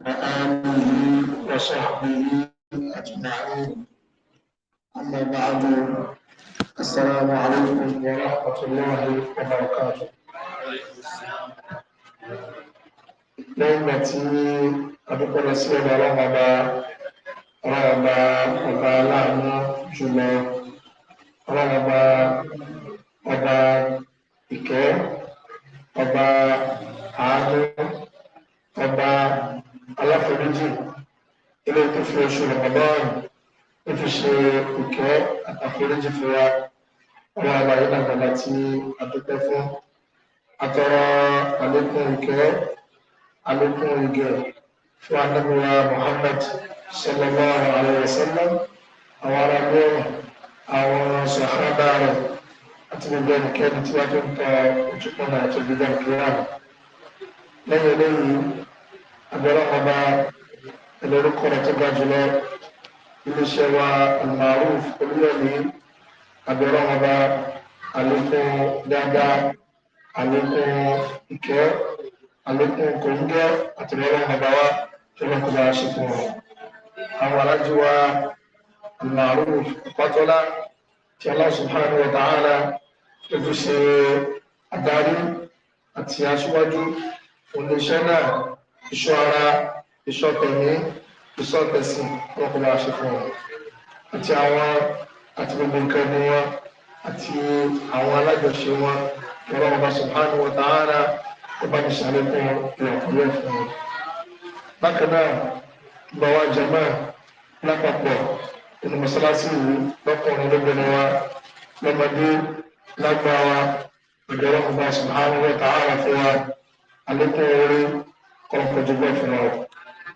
وآله وصحبه أجمعين أما بعد السلام عليكم ورحمة الله وبركاته lẹ́yìn tí adúpọ̀lọ́ sí ọba ọlọ́mọba ọlọ́mọba ọba aláàánú jùlọ ọlọ́mọba ọba ìkẹ́ ọba àánú ọba aláforíjì ilé tó fi oṣù rọmọlọ́rùn ó fi ṣe ìkẹ́ àtàforíjì fún wa ọmọ àlàyé dàgbàdà tí a dúpẹ́ fún àtọrọ àlékún ìkẹ́ àlékún ìgẹ̀ fún anábìwá Muhammad sallallahu alaihi wasallam àwọn ará gbọ́rọ̀ àwọn sàhábà rẹ̀ àti gbogbo ẹnikẹ́ni tí wọ́n tó ń ta ojúkọ́nà àti gbogbo ìkìlá lẹ́yìn eléyìí abẹ́rẹ́ ọba ẹlẹ́rìkọ rẹ̀ tó ga jùlọ iléeṣẹ́ wa almaruf olúyọ̀mí abẹ́rẹ́ ọba àlékún dáadáa àlékún ìkẹ́ àlékún kòńgẹ́ àtìlẹ́yìn ọba wa tó lọ́kọ̀ bá a ṣe fún ọ. àwọn alájú wa almaruf pátọ́lá Allah subhanahu wa ta'ala tó ti ṣe adarí àti aṣíwájú iṣọ́ ara iṣọ́ tẹ̀mí iṣọ́ tẹ̀sìn wọn kò bá ṣe fún wọn àti àwọn àti gbogbo nǹkan ẹni wọn àti àwọn alájọṣe wọn ìrọ̀ ọba subhanahu wa ta'ala ó bá ní sàlékún ìrọ̀kúrẹ́ fún wọn. bákan náà gbọ̀wá jama lápapọ̀ inú mọ́sálásí ìlú lọ́kùnrin lóbìnrin wa lọ́mọdé lágbàá wa ìgbẹ́rọ̀ ọba subhanahu wa ta'ala fún wa àlékún orí kọ̀ọ̀kan jùlọ fún wa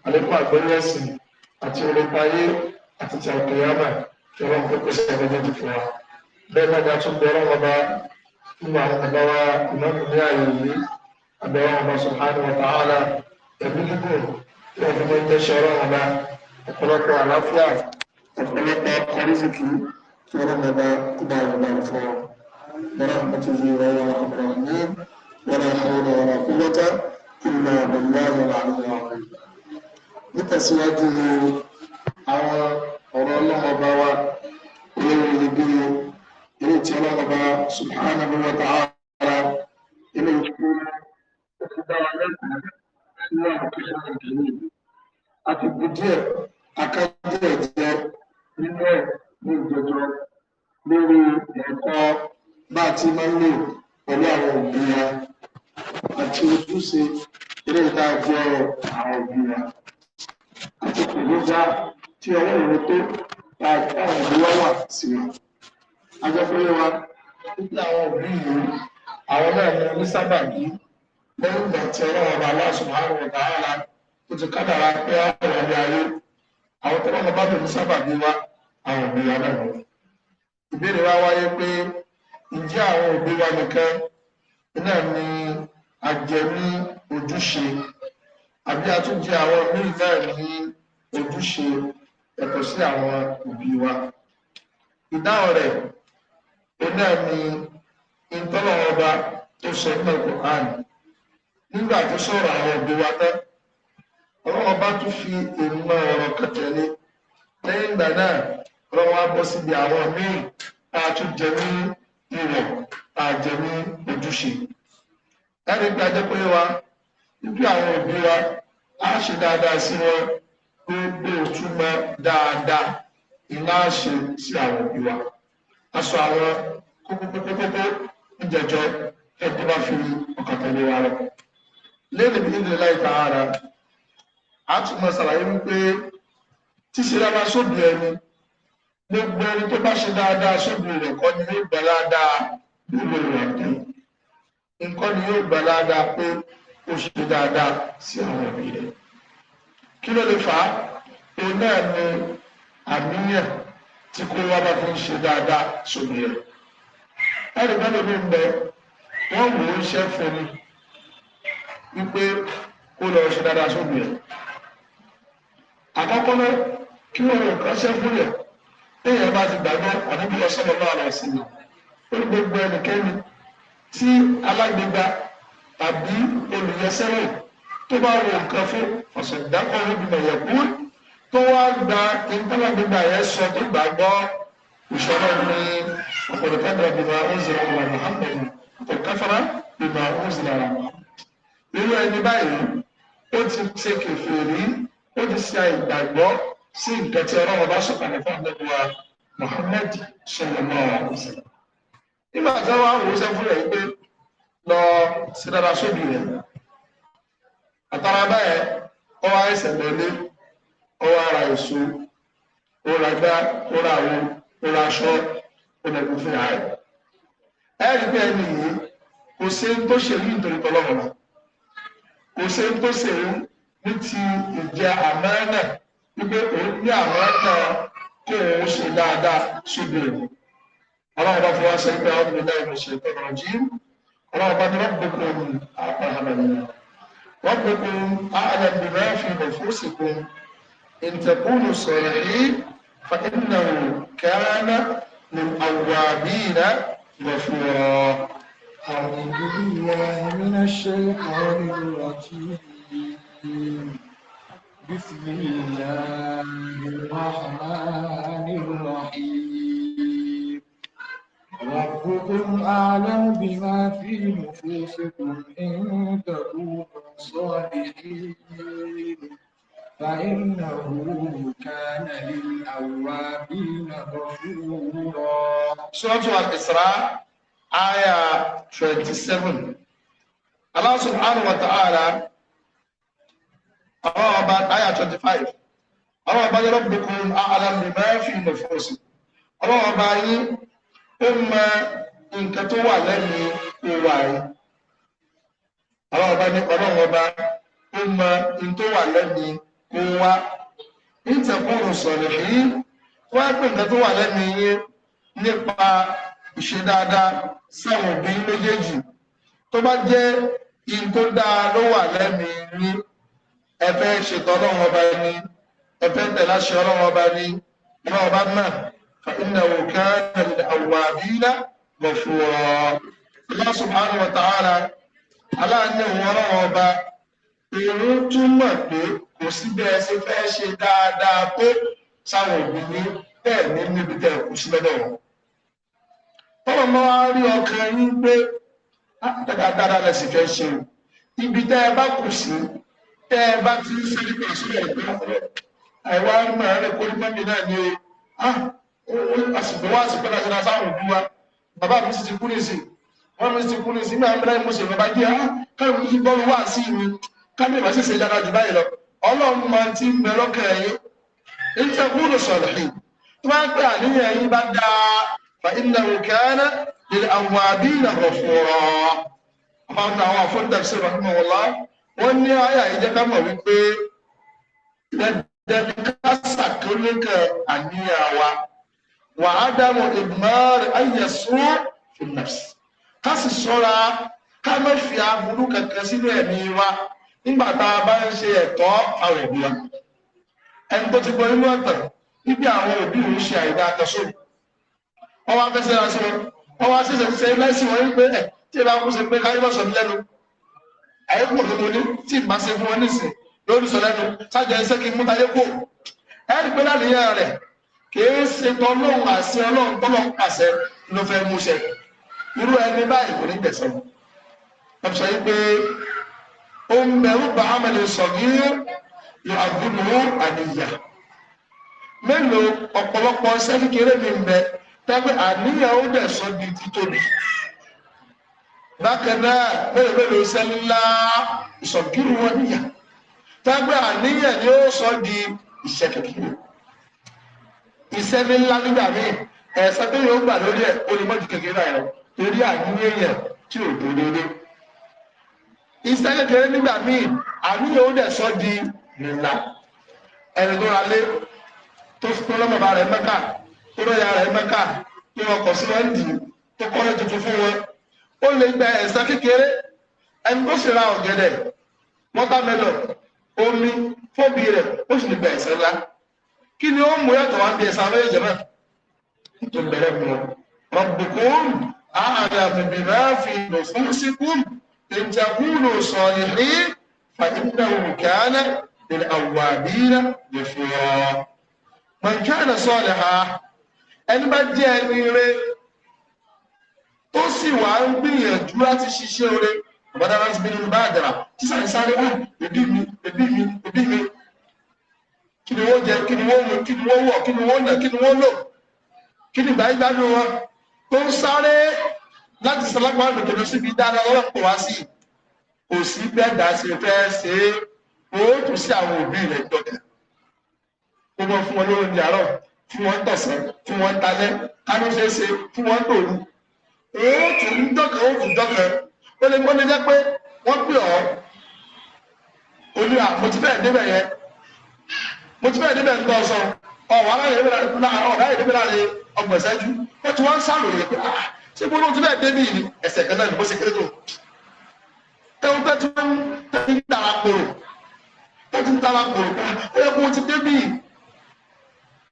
àlékún àgbẹ̀yẹ ẹ̀sìn àti orípayé àti ti àkèyàmà kí wọ́n kó kó sẹ́yìn méjèèjì fún wa bẹ́ẹ̀ náà ni a tún bẹ̀rẹ̀ wọn bá nínú àwọn ọ̀gá wa ìmọ̀mù ní ààyè yìí àbẹ̀wò wọn bá subhanahu wa ta'ala ẹ̀mí gígùn tí wọ́n fi mọ́ ẹgbẹ́ ṣe ọ̀rọ̀ wọn bá ọ̀pọ̀lọpọ̀ àlàáfíà ọ̀pọ̀lọpọ̀ àrísìkì kí wọ́n náà bá kúbà wọn bá fún wọn. ورحمته ويا رب العالمين ìmọ̀ ọ̀dọ̀mọ́rin làwọn ọ̀rẹ́ nítẹ̀síwájú ni àwọn ọ̀rọ̀ ọlọ́mọba wa olórí iyebíye ilé tí ọlọ́mọba subhanahu wa ta'ala ilé ìfowópamọ́ ó ti dá wa lẹ́kọ̀ọ́ nínú àkókò ìdílé àti bu díẹ̀ akájẹ́ ẹ̀jẹ̀ nínú ẹ̀ ní ìjọjọ́ lórí ẹ̀kọ́ bá a ti máa ń lò pẹ̀lú àwọn òbí wa àti ojúṣe ilé ìta jẹ́ àwọn òbí wa àti ìgbéga tí ọwọ́ ìwé tó láàrin ìlú wà sí wa ajẹ́pẹ́lẹ́ wa nígbà àwọn òbí yìí àwọn náà ní onísábàbí lẹ́yìn ìgbà tí ọlọ́run ọba aláṣùmọ̀ àrùn ọ̀gá ara ó ti kádàrá pé àwọn ọ̀rẹ́ ayé àwọn tó lọ́nà bá bẹ̀rù sábàbí wa àwọn òbí wa náà ìbéèrè wa wáyé pé ǹjẹ́ àwọn òbí wa nìkan náà ni ajẹmí ojúṣe àbí àtúnjẹ àwọn míì náà ní ojúṣe yàtọ̀ sí àwọn òbí wa ìdáhùn rẹ̀ iná ni ìtọ́lọ́wọ́ba tó sọ ní ọkùnrin nígbà tó sọ̀rọ̀ àwọn òbí wa tán ọlọ́wọ́ bá tún fi èèmọ̀ ọ̀rọ̀ kan tẹ̀lé lẹ́yìn ìgbà náà ọlọ́wọ́ á bọ́ síbi àwọn míì tá ní ìwọ̀ tá ojúṣe ẹni bí ajẹ́pẹ́lẹ́ wa ibi àwọn òbí wa á ṣe dáadáa sí wọn gbogbo òtúmọ̀ dáadáa iná ṣe sí àwọn òbí wa aṣọ àwọn kókókókókó ìjẹjọ ẹgbẹ́ bá fi ọkàn tẹ̀lé wa rẹ̀ lẹ́yìn bí nílẹ̀ láì ta ara a tún mọ ṣàlàyé wípé tíṣe dáadáa sóbì ẹni gbogbo ẹni tó bá ṣe dáadáa sóbì rẹ̀ kọ́ ni yóò gbà dáadáa lórí rẹ̀ kí nǹkan ni yóò gbà dáadáa pé ó ṣe dáadáa sí àwọn òbí rẹ̀ kí ló lè fà á òun náà ni àníyàn tí kó wá bá fi ń ṣe dáadáa sómi rẹ̀ ẹnì kan ló ní ń bẹ wọ́n wò ó ṣe fún mi wípé kó lọ ṣe dáadáa sómi rẹ̀ àkọ́kọ́ náà kí wọ́n rò kán ṣe fún yẹ̀ téèyàn bá ti gbàgbọ́ àdébíyẹ sọ́dọ̀ náà lọ sí mi ó ní gbogbo ẹnikẹ́ni tí alágbègbà tàbí olùyẹsẹ́lẹ̀ tó bá wo nǹkan fún ọ̀sọ̀dákọ̀ níbi ẹ̀yẹ̀kú tó wá gba ìtàlágbègbà yẹn sọ tó gbàgbọ́ ìṣòro ní ọ̀pọ̀lọpọ̀ bíbá ọ̀nzìlà ọ̀la Muhammad kò káfárá bíbá ọ̀nzìlà ọ̀la Muhammad. irú ẹni báyìí ó ti ṣe kèfèrí ó ti ṣe àìgbàgbọ́ sí nǹkan ọlọ́run bá sọ̀kalẹ̀ fún ọ̀dọ́ wa Muhammad sọ̀rọ̀ náà ọ̀sẹ̀lẹ̀ nígbà tí wọ́n wò ó sẹ́kù rẹ̀ pé lọ sí dáadáa sóbì rẹ̀ àtàrà báyẹ̀ ọwọ́ àìsàn lọ́lẹ́ ọwọ́ ara èso ó ra gbá ó ra àwo ó ra aṣọ ó lẹ́nu fún ìhà rẹ̀ ẹ̀rí pé ẹni yìí kò sí ní tó ṣe ní nítorí tọ́lọ́wọ́ la kò sí tó ṣe ní ti ìjẹ àmọ́ náà wípé òun ní àmọ́ náà kó òun ṣe dáadáa sóbì rẹ̀. ọlọ́run bá fi wá ṣe pé ọdún ilé ìlú ṣe tó rọ̀ jí ọlọ́run bá ní wọ́n gbogbo àpáhàmàlì wọ́n gbogbo àlẹ́bí rẹ̀ fi lè fún òsìkò ìtẹ̀kùnù sọ̀rọ̀ yìí fa ìnáwó kẹ́rẹ́nà ní àwàbí rẹ̀ lè fún ọ. أعوذ بالله من الشيطان الرجيم بسم الله الرحمن أعلم بما في نفوسكم إن تكونوا صالحين فإنه كان للأوابين غفورا سورة الإسراء آية 27 الله سبحانه وتعالى آية 25 الله ربكم أعلم بما في نفوسكم الله يبارك ó nǹkan tó wà lẹ́nu ìwà rẹ̀ àwọn ọba ní ọlọ́run ọba ó mọ ohun tó wà lẹ́nu kó wá ìtẹ̀kùrù sọ̀rọ̀ yìí wá pé nǹkan tó wà lẹ́nu yín nípa ìṣe dáadáa sáwọn òbí méjèèjì tó bá jẹ́ ihun tó dáa ló wà lẹ́nu yín ẹ fẹ́ ṣètò ọlọ́run ọba ni ẹ fẹ́ tẹ̀lé àṣẹ ọlọ́run ọba ni ọlọ́run ọba náà fa innahu kana min awwabina. غفورا الله سبحانه وتعالى aláàánú ọlọ́run ọba irun túmọ̀ pé kò síbi ẹsẹ̀ fẹ́ ṣe dáadáa pé sáwọn òbí ní bẹ́ẹ̀ ní níbi tẹ̀ kù sí lọ́dọ̀ wọn. tọ́lọ̀ máa wá rí ọkàn yín pé ah, dáadáa lẹ̀ sì fẹ́ ṣe o ibi tẹ́ ẹ bá kù sí tẹ́ ẹ bá ti ń sẹ́ni pé sílẹ̀ ìgbà rẹ̀ àìwá máa rẹ̀ kó ní mọ́mí náà ni o ah, àsìkò wá àsìkò náà ṣe náà sáwọn òbí wa bàbá mi sì ti kú nísìn wọ́n mi sì ti kú nísìn ní àmì láì mo sì bàbá jẹ́ ah, káyọ̀ mi ti bọ́ mi wá sí mi kámi ìbá sì ṣe dára jù báyìí lọ ọlọ́run máa ti ń bẹ lọ́kàn ẹ̀yìn ìtẹ̀ kúrò sọ̀rọ̀ yìí tó bá pẹ́ àníyàn ẹ̀yìn bá dáa fa iná òkè ẹ̀rẹ́ lè àwọn àbí ìlànà fọ̀rọ̀ ọmọ àwọn àfọ́ńdàṣe rahmanwọ́lá wọ́n ní àyà ìjẹ́ ká mọ̀ wípé dẹ́dẹ́ ká sàkólé àníyàn wa wà á dámọ̀ ìmọ̀ọ́rẹ̀ ayé sún ìnàfsì ká sì sọ́ra ká má fi aburú kankan sínú ẹ̀mí wa nígbà tá a bá ń ṣe ẹ̀tọ́ àwọn òbí wa ẹni tó ti gbọ́ inú ọ̀tàn níbi àwọn òbí òun ṣe àìdá àtọ̀sọ́ wọn wá fẹ́ sẹ́ra sí wọn wọn wá ṣẹ̀ṣẹ̀ ṣe lẹ́sìn wọn wípé ẹ̀ tí ẹ bá kú ṣe pé káyé lọ́sọ̀ mi lẹ́nu àyẹ̀kùn tó ní tí ì bá ṣe fún wọn nísìn lórí sọ lẹ́nu sájà ẹsẹ́ kí n mú tayé kú ẹ̀ẹ́dì pé láàrin yẹn rẹ̀ kìí ṣe tọ́lọ́hún àṣẹ ọlọ́run tọ́lọ́hún pàṣẹ ló fẹ́ múṣẹ irú ẹni báyìí kò ní gbẹ̀sẹ̀ ẹ̀ sọ yìí pé ó ń bẹ̀rù bá amẹ̀lẹ̀ sọ̀gírù yàgùnmù àníyà mélòó ọ̀pọ̀lọpọ̀ iṣẹ́ kékeré mi ń bẹ tẹ́gbẹ́ àníyàn ó dẹ̀ sọ di títóbi bákan náà mélòó mélòó iṣẹ́ ńlá ìsọ̀gírù wọn níyà tẹ́gbẹ́ àníyàn ni ó sọ di ìṣẹ́ kékeré iṣẹ́ ní ńlá nígbà míì ẹ̀sán tó yóò gbà lórí ẹ̀ ó lè mọ́jú kékeré náà yẹn torí àdúgbò yẹn tí ò tó déédéé. iṣẹ́ kékeré nígbà míì àdúgbò ó dẹ̀ sọ di ńlá ẹni tó ra lé tó fún lọ́mọ bá rẹ̀ mẹ́ka tó lọ́ya rẹ̀ mẹ́ka tó lọ kọ̀ sí wọn dì tó kọ́lé tuntun fún wọn ó lè gba ẹ̀sán kékeré ẹni tó sì ra ọ̀gẹ̀dẹ̀ mọ́tàmẹ́lọ̀ omi fóbi rẹ̀ ó sì gba ẹ̀sán ńlá kí ni ó mú yàtọ̀ wọn bí ẹ̀sán lóye jẹ̀mọ́ tó bẹ̀rẹ̀ mu rabbukum a'lamu bima fi nufusikum in takunu salihin fa innahu kana lil awwabina ghafura man kana salihan ẹni bá jẹ́ ẹni rẹ̀ tó sì wà ń gbìyànjú láti ṣiṣẹ́ rẹ̀ ọ̀bọ̀dá láti bí bá àdàrà tí sáré sáré ẹbí mi ẹbí mi ẹbí mi kí ni wọ́n jẹ kí ni wọ́n mu kí ni wọ́n wọ̀ kí ni wọ́n nà kí ni wọ́n lò kí ni báyìí gbádùn wọn tó ń sáré láti sàlágbá àgbègbè lọ síbi dáadáa lọ́pọ̀ wá sí kò sí bẹ́ẹ̀ dá sí fẹ́ ṣe é ó tún sí àwọn òbí rẹ̀ jọ̀dẹ̀ ó mọ fún wọn lórí ní àárọ̀ fún wọn tọ̀sán fún wọn talẹ́ kánú ṣe é ṣe fún wọn tòru ó tún ń dọ́kan ó tún dọ́kan ó lè gbọ́n ní jẹ́ pé wọ́n pè ọ́ olú àmọ́tífẹ́ débẹ̀ yẹn mo ti bẹ́ẹ̀ níbẹ̀ ń lọ sọ ọ̀wọ́ aláyẹ̀ níbẹ̀ láàrin ọgbọ̀n ìṣẹ́jú wọ́n ti wá ń sàlò yẹn pé ah ṣé bó ló ti bẹ́ẹ̀ débi yìí ẹsẹ̀ kan náà ni bó ṣe kéré tó. ẹ̀rù pé tí wọ́n ti ń tara kòrò wọ́n ti ń tara kòrò ó yẹ kó ti débi yìí.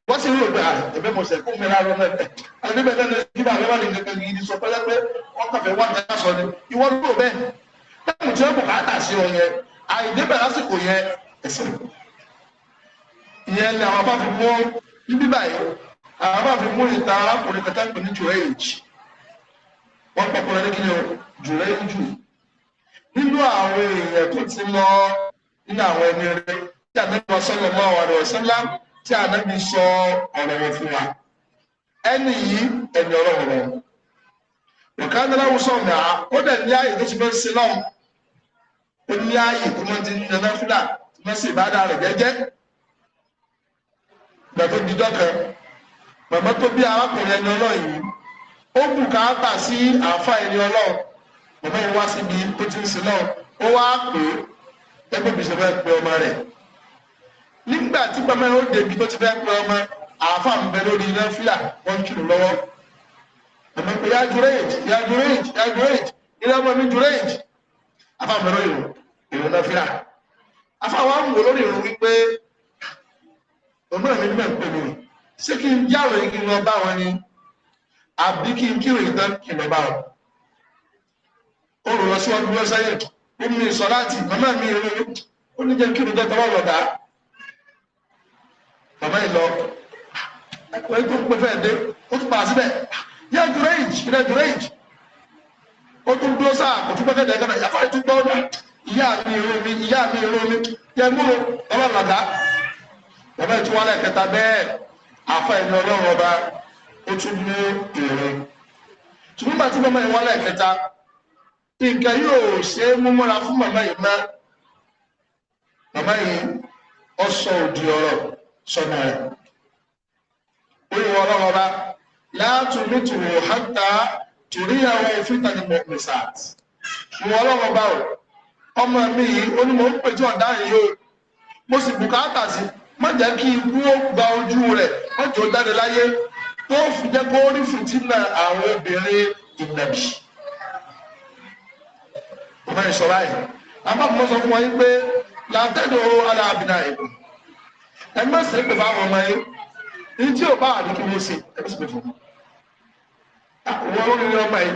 wọ́n sì rí òpè àrẹ ẹ̀bẹ̀ mọ̀ṣẹ̀ kó mi rà lọ́nà ẹ̀ àdébẹ̀ náà lè nígbà rẹ̀ wà ní kankan yìí ní sọ pẹ́lẹ́pẹ́ wọ́n kàfẹ́ wà ní aṣọ ìyẹn ni àwọn afáfi mú níbí báyìí àwọn afáfi mú ìta arákùnrin kẹta ń pè ní jùrẹ́ẹ̀jì wọ́n pọ̀pọ̀lọ́ ní kíni o jùrẹ́ẹ̀jù nínú àwọn èèyàn tó ti lọ nínú àwọn ẹni rẹ tí ànábi wọn sọlọ mọ àwọn àdàwọ sọlá tí ànábi sọ ọ̀rọ̀ wọn fún wa ẹni yìí ẹni ọlọ́rọ̀ wọn òkà ńlá wùsọ náà ó dẹ ní ààyè tó ti fẹ́ sí náà ó ní ààyè tó máa ti ń nana fúlà tó máa sì bá dáa rẹ gẹ́gẹ́ gbẹ̀tó dijọ́ kan màmá tó bí arákùnrin ẹni ọlọ́run yìí ó bù ká bà sí àáfà ẹni ọlọ́run màmá yìí wá síbi tó ti ń sin náà ó wá pè é ẹgbẹ́ mi ṣe fẹ́ pe ọmọ rẹ̀ nígbà tí màmá yìí ó débi tó ti fẹ́ pe ọmọ àáfà ń bẹ lórí iná fílà wọ́n kìlọ̀ lọ́wọ́ màmá pé yá jùrẹ́ẹ̀jì yá jùrẹ́ẹ̀jì yá jùrẹ́ẹ̀jì ilé ọmọ mi jùrẹ́ẹ̀jì àfà ń bẹ lórí ìrùn fílà àfà wa ń wò lórí ìrùn wípé òun náà nígbà ń pè mí ṣé kí n jáwèé kí n lọ bá wọn ni àbí kí n kírò ìtàn kí n lọ bá wọn. ó rò lọ síwájú lọ sẹ́yìn ó mú mi sọ láti màmá mi rẹ ó ní jẹ́ kí n jẹ́ tọ́wọ́ lọ́dà. màmá yìí lọ ẹ̀kọ́ ètò ń fẹ́ dé ó tún pa síbẹ̀ yẹ dùrẹ́ẹ̀jì rẹ dùrẹ́ẹ̀jì ó tún dúró sáà kò tún pẹ́kẹ́ dẹ̀ yàtọ̀ ètò gbọ́dọ̀ ìyá mi ìró mi ìyá mi ìró mi yẹ bàbá ìtúwálẹ̀ kẹta bẹ́ẹ̀ afa ẹni ọlọ́run ọba ó tún mú èrè ṣùgbọ́n bá tí mọ́mọ́ ìwálẹ̀ kẹta nǹkan yóò ṣe é mú múra fún màmá yìí mọ́ màmá yìí ọ sọ òdì ọ̀rọ̀ sọmọ rẹ̀ ó yẹ ọlọ́run ọba láàtún nítorí ọ̀hátà torí àwọn òfìtà ní mọ̀mísàt ìwọ ọlọ́run ọba ọmọ mi yìí ó ní mo ń pèjọ́ ọ̀dá yìí o mo sì bùkátà sí i má jẹ́ kí ikú ó gba ojú rẹ̀ má jẹ́ ó jáde láyé tó fi jẹ́ kó rí fìtínà àwọn obìnrin ìnàbì. Bàbá yìí sọ̀rọ̀ àyè. Abáàbò sọ fún wa yín pé làtẹ́dọ̀ alábìnà ìlú. Ẹ má ṣe é pè fáwọn ọmọ yín. Ní tí ò bá àdúgbò wọ́n ṣe, ẹ bí sì pè fún wọn. Àwọn olórí ọmọ yìí,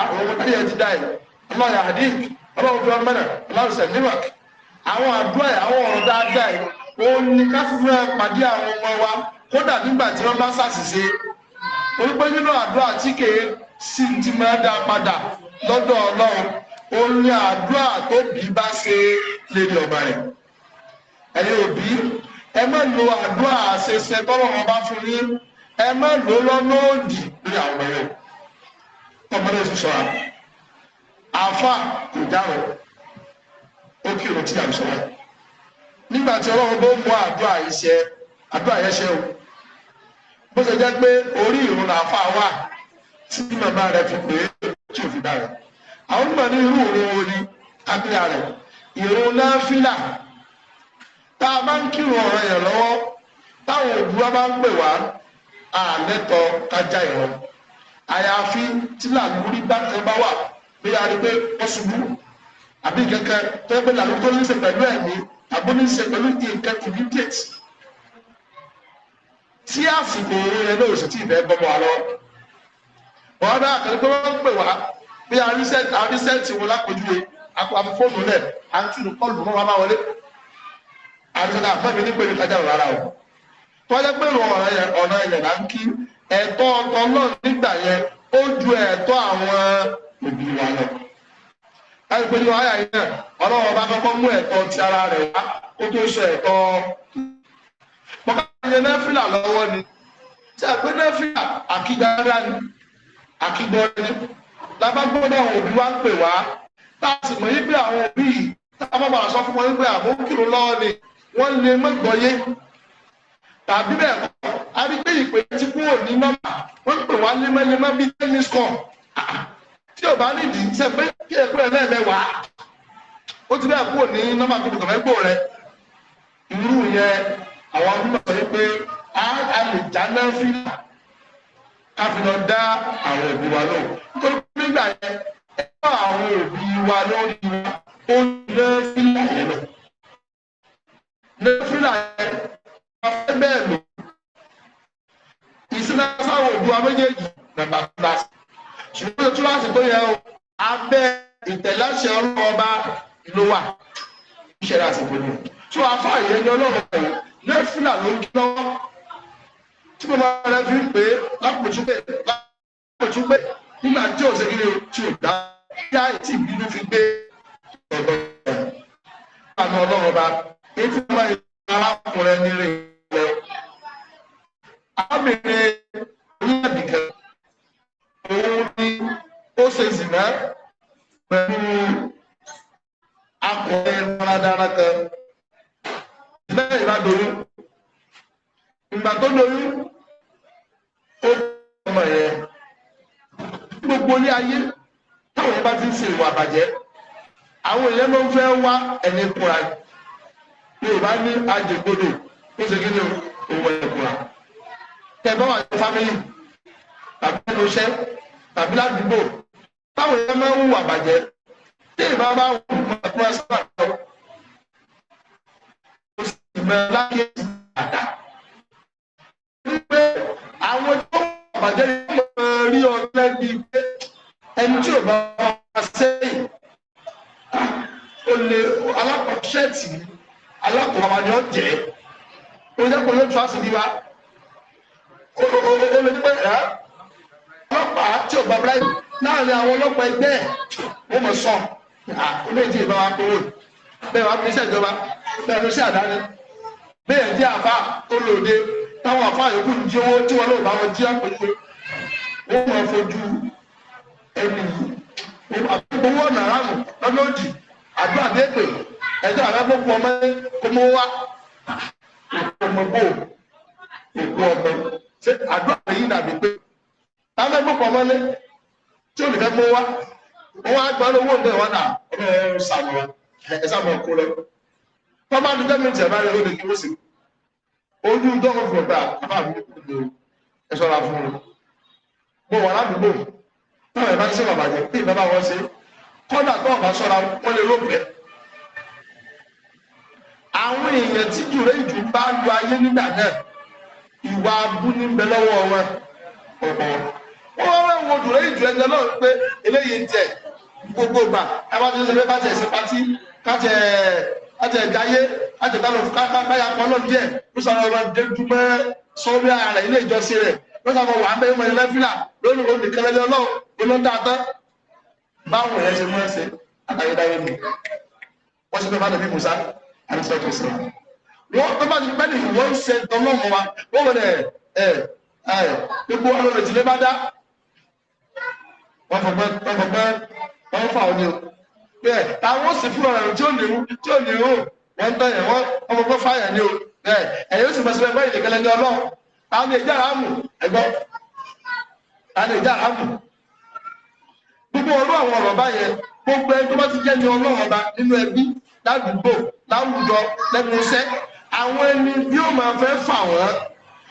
àwọn ọmọ táyà ti dá yìí, ọlọ́yà àdínkì, ọlọ́run fi ọmọ náà, ọlọ́run sẹ̀ níwàkì. Àwọn àdúrà yìí, àwọn ọ̀rọ̀ dáadáa yìí òun ni ká fi máa pàdé àwọn ọmọ wa kódà nígbà tí wọ́n bá ṣàṣìṣe torí pé nínú àdúrà tí kèé sì ti máa dá padà lọ́dọ̀ ọlọ́run òun ni àdúrà tó bí bá ṣe lè lè ọ̀gbà rẹ̀ ẹ̀yin òbí ẹ má lo àdúrà àṣeṣe tọ́lọ̀ wọn bá fún yín ẹ má lo lọ́nà òdì lórí àwọn ọmọ rẹ̀ ọmọdé ti sọ̀rọ̀ àfa kò dáhùn ó kí irun tí a ń nígbà tí ọlọ́run bó mú àdúrà yìí ṣe àdúrà yẹn ṣe o bó ṣe jẹ́ pé orí ìrun làáfà wà tí màmá rẹ̀ fi pè é tí ò fi dá rẹ̀ àwọn onímọ̀ ní irú òun orí abíyá rẹ̀ ìrun náfìlà tá a bá ń kírun ọ̀rọ̀ yẹn lọ́wọ́ táwọn òbí wa bá ń pè wá àlẹ́tọ̀ kájà ìrun àyàfi tí làlúrí bá kan bá wà bí a rí pé ó ṣubú àbí kẹ̀kẹ́ tó yẹ pé làlúrí tó ní ṣe pẹ̀lú ẹ̀mí abóni sẹ pẹ̀lú nǹkan immediate tí àsìkò a rẹ lóòsì tí ìbẹ bọ́ bọ́ àlọ́ wọn bá àkàlẹ́ pé wọ́n ń pè wá bí àrísẹ́ǹtì wọn lápòjúwe àpò àfọ́fóònù rẹ̀ à ń tún kọ́ọ̀lù mọ́ wa máa wọlé àrísẹ́ǹtì àfọ́fóònù nípa ìrìnkájà rárá o tọ́jà pé ọ̀nà ẹ̀yẹ̀ là ń kí ẹ̀tọ́ ọ̀tọ̀ náà nígbà yẹn ó ju ẹ̀tọ́ àwọn òbí wa lọ láti pé nínú àyà yìí náà ọlọ́run bá kọ́kọ́ mú ẹ̀tọ́ ti ara rẹ̀ wá kó tó ṣe ẹ̀tọ́ mọ́kànlá nẹ́fìlà lọ́wọ́ ni tí a pé nẹ́fìlà àkígbára ni àkígbọ́rẹ́ ni lábágbọ́dọ̀ òbí wa ń pè wá láti mọ̀ yí pé àwọn òbí yìí táwọn bàbá sọ fún wọn wípé àmókìrò lọ́wọ́ ni wọ́n lè mọ́gbọ́yé tàbí bẹ́ẹ̀ kọ́ a rí pé ìpè ti kúrò ní nọ́mbà wọ́n pè wá lémẹ́lémẹ́ bíi tẹ́nísì kan tí o bá nídìí ṣe pé kí ẹ pé ẹlẹ́mẹ̀wàá ó ti bẹ́ẹ̀ kúrò ní nọ́mbà tó kọ̀ mẹ́gbò rẹ irú yẹn àwọn onímọ̀ sọ pé a a lè já náà fílà ká fi lọ dá àwọn òbí wa lọ nítorí nígbà yẹn ẹ bá àwọn òbí wa lórí wa ó lé fílà yẹn lọ lé fílà yẹn wọn fẹ́ bẹ́ẹ̀ lò ìsinmi sáwọn òbí wa méjèèjì nàgbà fúlàsì ṣùgbọ́n tí wọ́n ti tó yẹ o abẹ́ ìtẹ̀láṣẹ ọlọ́run ọba ló wà ìṣẹ̀lẹ̀ àsìkò ni tí wọ́n afọ àyẹ̀yẹ ọlọ́run ẹ̀yìn lẹ́fúlà ló ń kí lọ́wọ́ tí mo máa rẹ fi ń pè é lápòtúgbè lápòtúgbè nígbà tí ò ṣèkìlẹ̀ tí ò dá yá ìtì ìbínú fi gbé ọ̀dọ̀ àmì ọlọ́run ọba ètò ìmọ̀ ìlú arákùnrin nílé rẹ̀ arábìnrin oníyàbí kan òun ni ó ṣe zìnà pẹ̀lú akọ̀rin dáradára kan bẹ́ẹ̀ ìbá doyún ìgbà tó doyún ó ọmọ yẹn gbogbo ilé ayé táwọn yẹn bá ti ń ṣe ìwà àbàjẹ́ àwọn èèyàn ló ń fẹ́ wá ẹni kura yorùbá ní àjẹgbọdọ ó ṣe kí ni òun tẹ bá wà ní fámìlì tàbí ẹnu iṣẹ́ tàbí ládùúgbò táwọn èèyàn máa ń hùwà bàjẹ́ tí ìbá bá wù ú ọdún ẹ̀sán àtọ́ kò sì bẹ̀rẹ̀ lákèésí àdá. wípé àwọn tó hùwà bàjẹ́ yìí ló máa rí ọ lẹ́bi pé ẹni tí ò bá wá sẹ́yìn ó alákọ̀ọ́ṣẹ́ẹ̀tì alákọ̀ọ́mọdé jẹ́ pé ó tún àṣírí wa ó lè pẹ́ ẹ́ ọlọ́pàá tí ò gbàgbọ́ láyé láàrin àwọn ọlọ́pàá ẹgbẹ́ ẹ̀ ó sọ àkúlẹ̀jì ìbá wa kó wòlù bẹ́ẹ̀ wá fi ṣèjọba bẹ́ẹ̀ fi ṣe àdáni bẹ́ẹ̀ jẹ́ àfa olóde táwọn àfa yòókù ń jí owó tí wọn lóò bá wọn jí àpèjì ó mọ̀ fojú ẹni owó nàrà nù lọ́dún òjì àdúrà dé pè ẹjọ́ àrẹ gbogbo ọmọ kó mọ wá òkú ọmọ bò òkú ọmọ ṣé àdúrà yìí dàbí pé táwọn ẹgbẹ́ mọ́lé tí olùfẹ́ gbó wá wọn á gba owó ń bẹ̀ wọn náà ẹ sàmọ̀ ẹ sàmọ̀ kó lọ. tọ́ba ní dẹ́mìtì ẹ̀bá rẹ̀ lóde kí wọ́n sì ojú dọ́wọ́ fún ọ̀tá àbá mi kò ẹ sọ́ra fún un. mo wà ládùúgbò táwọn ẹ̀bá ń ṣe bàbá jẹ bí ìbábá wọn ṣe kọ́dà tó ọ̀bá sọ́ra wọn lè lóògbé. àwọn èèyàn tí jùlọ ìjù bá lu ayé nígbà náà ìwà abúlé ń bẹ lọ́wọ́ wọn ọ̀pọ̀ ó wá wá wo jùlọ ìjù ẹgbẹ́ náà pé eléyìí ń tẹ̀ gbogbo gbà ẹ bá ti ṣe pé káṣẹ ṣe pati káṣẹ káṣẹ ìdáyé káṣẹ kálọ káyà pọn náà díẹ̀ ló sọ ọ̀rọ̀ dẹdúmẹ sọmíà rẹ ilé ìjọsìn rẹ ló sọ wà bẹ ìmọ̀ ẹlẹ́ fílà lónìí lónìí kẹlẹ́lẹ́ ọlọ́run olóńdà tán báwo ẹ̀ ṣe mú ẹsẹ̀ àtàyédáyé mi wọ́n ṣe pé fáwọn ẹbí musa àti sọ́ọ̀tù sí i wọ́n tó bá ti bẹ́ẹ̀ ni wọ́n ń ṣe tọ́lọ́mọ wa wọ́n wọlé ẹ̀ ẹ̀ gbogbo ọlọ́run wọ́n fọgbẹ́ wọ́n fọgbẹ́ wọ́n fà ọ́ ni o bẹ́ẹ̀ táwọn sì fún ọ̀rọ̀ tí ò ní tí ò ní o wọ́n tẹ̀ yẹn wọ́n fọgbẹ́ fáyà ni o bẹ́ẹ̀ ẹ̀yẹ́ ó sì fẹsẹ̀ fẹ́ ìdè kẹlẹ́ ní ọlọ́run àwọn èjì àhámù ẹ̀gbọ́n àwọn èjì àhámù gbogbo ọlọ́ àwọn ọ̀rọ̀ báyẹn gbogbo ẹni tó bá ti jẹ́ ní ọlọ́run ọba nínú ẹbí ládùúgbò láwùjọ lẹ́nu iṣẹ́ àwọn ẹni yóò máa fẹ́ fà wọ́n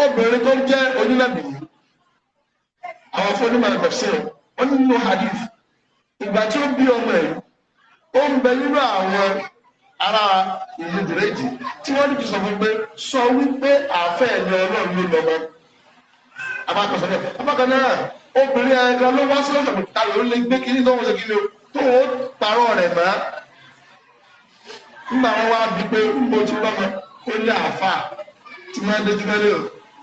obìnrin tó jẹ́ onílẹ̀bì yìí àwọn fún onímọ̀ ẹ̀kọ́ sí ẹ̀ ó ní nínú hadith ìgbà tí ó bí ọmọ ẹ̀ ó ń bẹ nínú àwọn ará ìlú dìrẹ́jì tí wọ́n ní kí sọ fún pé sọ wípé àfẹ́ ẹ̀yìn ọlọ́run ló lọ́mọ abákọ̀sọ náà abákọ̀ náà obìnrin ẹ̀ka ló wá sí lọ́sọ̀ pé ta ló lè gbé kiri lọ́wọ́ ṣe kiri o tó o parọ́ rẹ̀ mọ́ nígbà wọn wá bí pé mo ti lọ́mọ ó ní àáfàá tí wọ́n á dé jùlọ lé o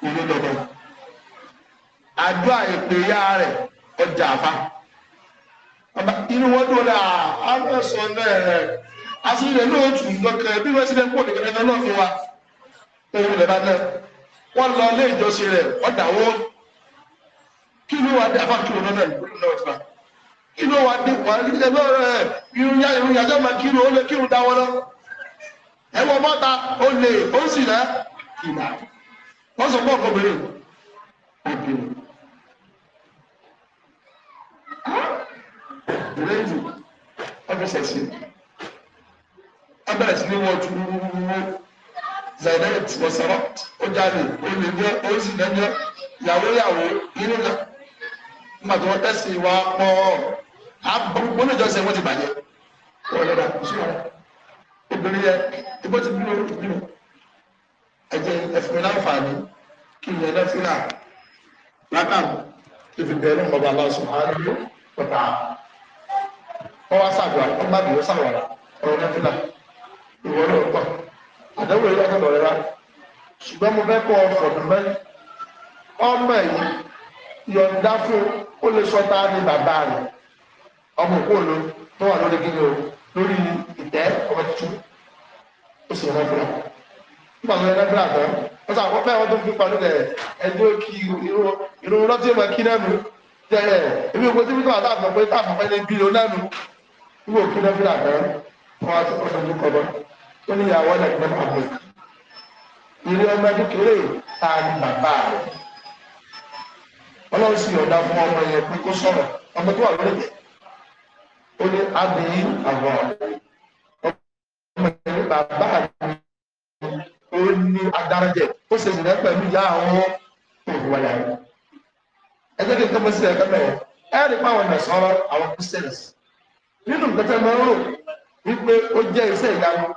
ìlú dandan àdúrà ìpèyà rẹ̀ ọjà àfa inú wọn dùn ní àmọ́sọ̀ náà asílẹ̀ lóòtù lọ́kàn bí wọ́n sílẹ̀ pọ̀ nìkan ẹ̀ka náà fi wa òun lè bá náà wọ́n lọ ilé ìjọsìn rẹ̀ ọ̀dà wọ́n kí ló wà dé àfàkìlò náà lórí náà ti bá kí ló wà dé wà ní ẹgbẹ́ rẹ̀ irun yá irun yàjọ́ máa kírun ó lè kírun dáwọ́ lọ ẹ̀wọ̀n mọ́ta ó lè ó sì rẹ̀ kìlà wọ́n sọ pé ọkọ̀bìnrin obìnrin. Bùrẹ́dì ọ́fíìsì ẹ̀sìn abẹ́rẹ́ sí ni wọ́n tu wúwúwú Zaidat wọ̀sọ̀rọ̀ ó jáde ó lè yàwó yàwó nínú náà nígbà tí wa pọ̀ àbúrò ní ìjọsìn wọ́n ti bàjẹ́ wọ́n lọ́dà kùsùn rẹ̀ obìnrin yẹ ibo ti bínú obìnrin ẹjẹ ẹfúnmi láǹfààní kí ni ẹlẹ́ fílà lákàmù kí fi bẹ̀rẹ̀ mọ́ bàbá sùnmọ́ ọ̀tà wọ́n wá sàgbà wọ́n bá dùn ó sàwàrà ọ̀rọ̀ ẹlẹ́ fílà ìwọ ló pọ̀ àdéhùn èyí ọ̀tọ̀ lọ́rẹ́ rà ṣùgbọ́n mo fẹ́ kọ́ ọ̀fọ̀dún mẹ́rin ọmọ yìí yọ̀ǹda fún ó lè sọ ní bàbá rẹ̀ ọmọ òkú tó wà lórí gíga lórí ìtẹ́ ọmọ tuntun ó sì rán fúnra nígbà tó yẹn fílà tán wọ́n sọ àkọ́kọ́ ẹ̀wọ́n tó fi pa nílẹ̀ ẹ̀dúró kí irun lọ́tí ẹ̀mọ̀ kí nẹ́nu tẹ̀lẹ̀ ebi ògbó tí wọ́n tà fún pé tà fún pé ní bílò nẹ́nu nígbà kí nẹ́ fílà tán wọ́n á sọ́kọ́ sọ́kọ́ kọ́bọ́ ó ní ìyàwó ẹ̀ lẹ́kùn náà pé ilé ọmọ kékeré ta ni bàbá rẹ̀ ọlọ́run sì yọ̀ǹda fún ọmọ yẹn pé kó sọ̀rọ̀ ọmọ tó wà lórí ó ní abìyí àwọn ọmọ yẹn bàbá rẹ̀ ní adarajẹ ó sì rẹ pẹ̀lú ìyá àwọn olùwàyà yìí ẹ jẹ́ kí n tọ́pọ̀ sí ẹ̀kọ́ mẹ́rin ẹ rí pàwọn ọ̀nà sọ̀rọ̀ àwọn christians nínú nǹkan mọ́ rò wípé ó jẹ́ iṣẹ́ ìyanu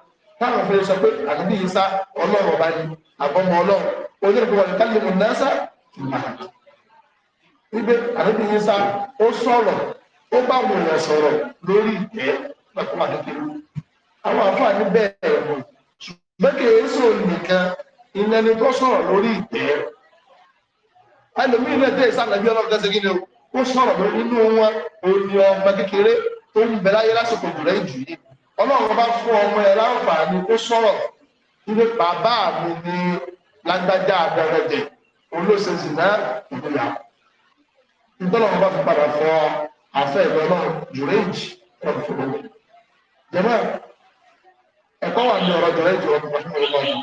táwọn fi sọ pé àdúgbò yìí sá ọlọ́run ọba ni àbọ̀mọ ọlọ́run onírúkọ wọn ká lè mú nẹ́sà wípé àdúgbò yìí sá ó sọ̀rọ̀ ó bá wọn ọ̀nà lórí ìtẹ́ pẹ̀lú àdúgbò àwọn àfọ̀àní bẹ́ẹ̀ mọ̀ gbẹ́kẹ̀ èso nìkan ìlẹ́ni tó sọ̀rọ̀ lórí ìtẹ́ ẹlòmíì náà dé ìsàlẹ̀bí ọlọ́run tẹ́sẹ̀ kí ni o ó sọ̀rọ̀ lórí inú wọn òní ọmọ kékeré tó ń bẹ láyé lásìkò jùlọ ìjù yìí ọlọ́run bá fún ọmọ ẹ láǹfààní ó sọ̀rọ̀ ilé bàbá mi ní lágbájá abẹrẹjẹ olóṣèṣì náà ìgbéyà ntọ́lọ́run bá fi padà fọ afẹ́ ìlú ọlọ́run jùlọ ìjì ọ̀rọ̀ ẹ̀kọ́ wà ní ọ̀rọ̀ jọ̀rẹ́ jù ọdún ọdún ọdún ọdún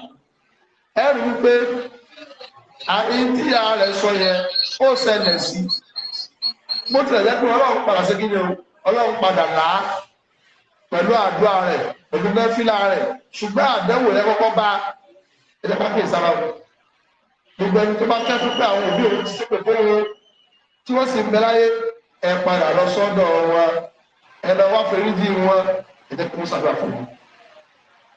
ẹ̀rù wípé àìdíyà rẹ̀ sọ yẹ ó ṣẹlẹ̀ sí mo tilẹ̀ jẹ́ pé ọlọ́run padà sí kíni o ọlọ́run padà là á pẹ̀lú àdúrà rẹ̀ pẹ̀lú mẹ́fílà rẹ̀ ṣùgbọ́n àdẹ́wò rẹ̀ kọ́kọ́ bá ẹ̀dẹ́ pápẹ́ ìsára o gbogbo ẹni tó bá kẹ́fún pé àwọn òbí òun ti ṣépè fún wọn tí wọ́n sì ń bẹ láyé ẹ̀ padà lọ sọ́dọ̀ wọn ẹ̀ lọ wá fèrè dì wọn ẹ̀dẹ́ kó sábà fún wọn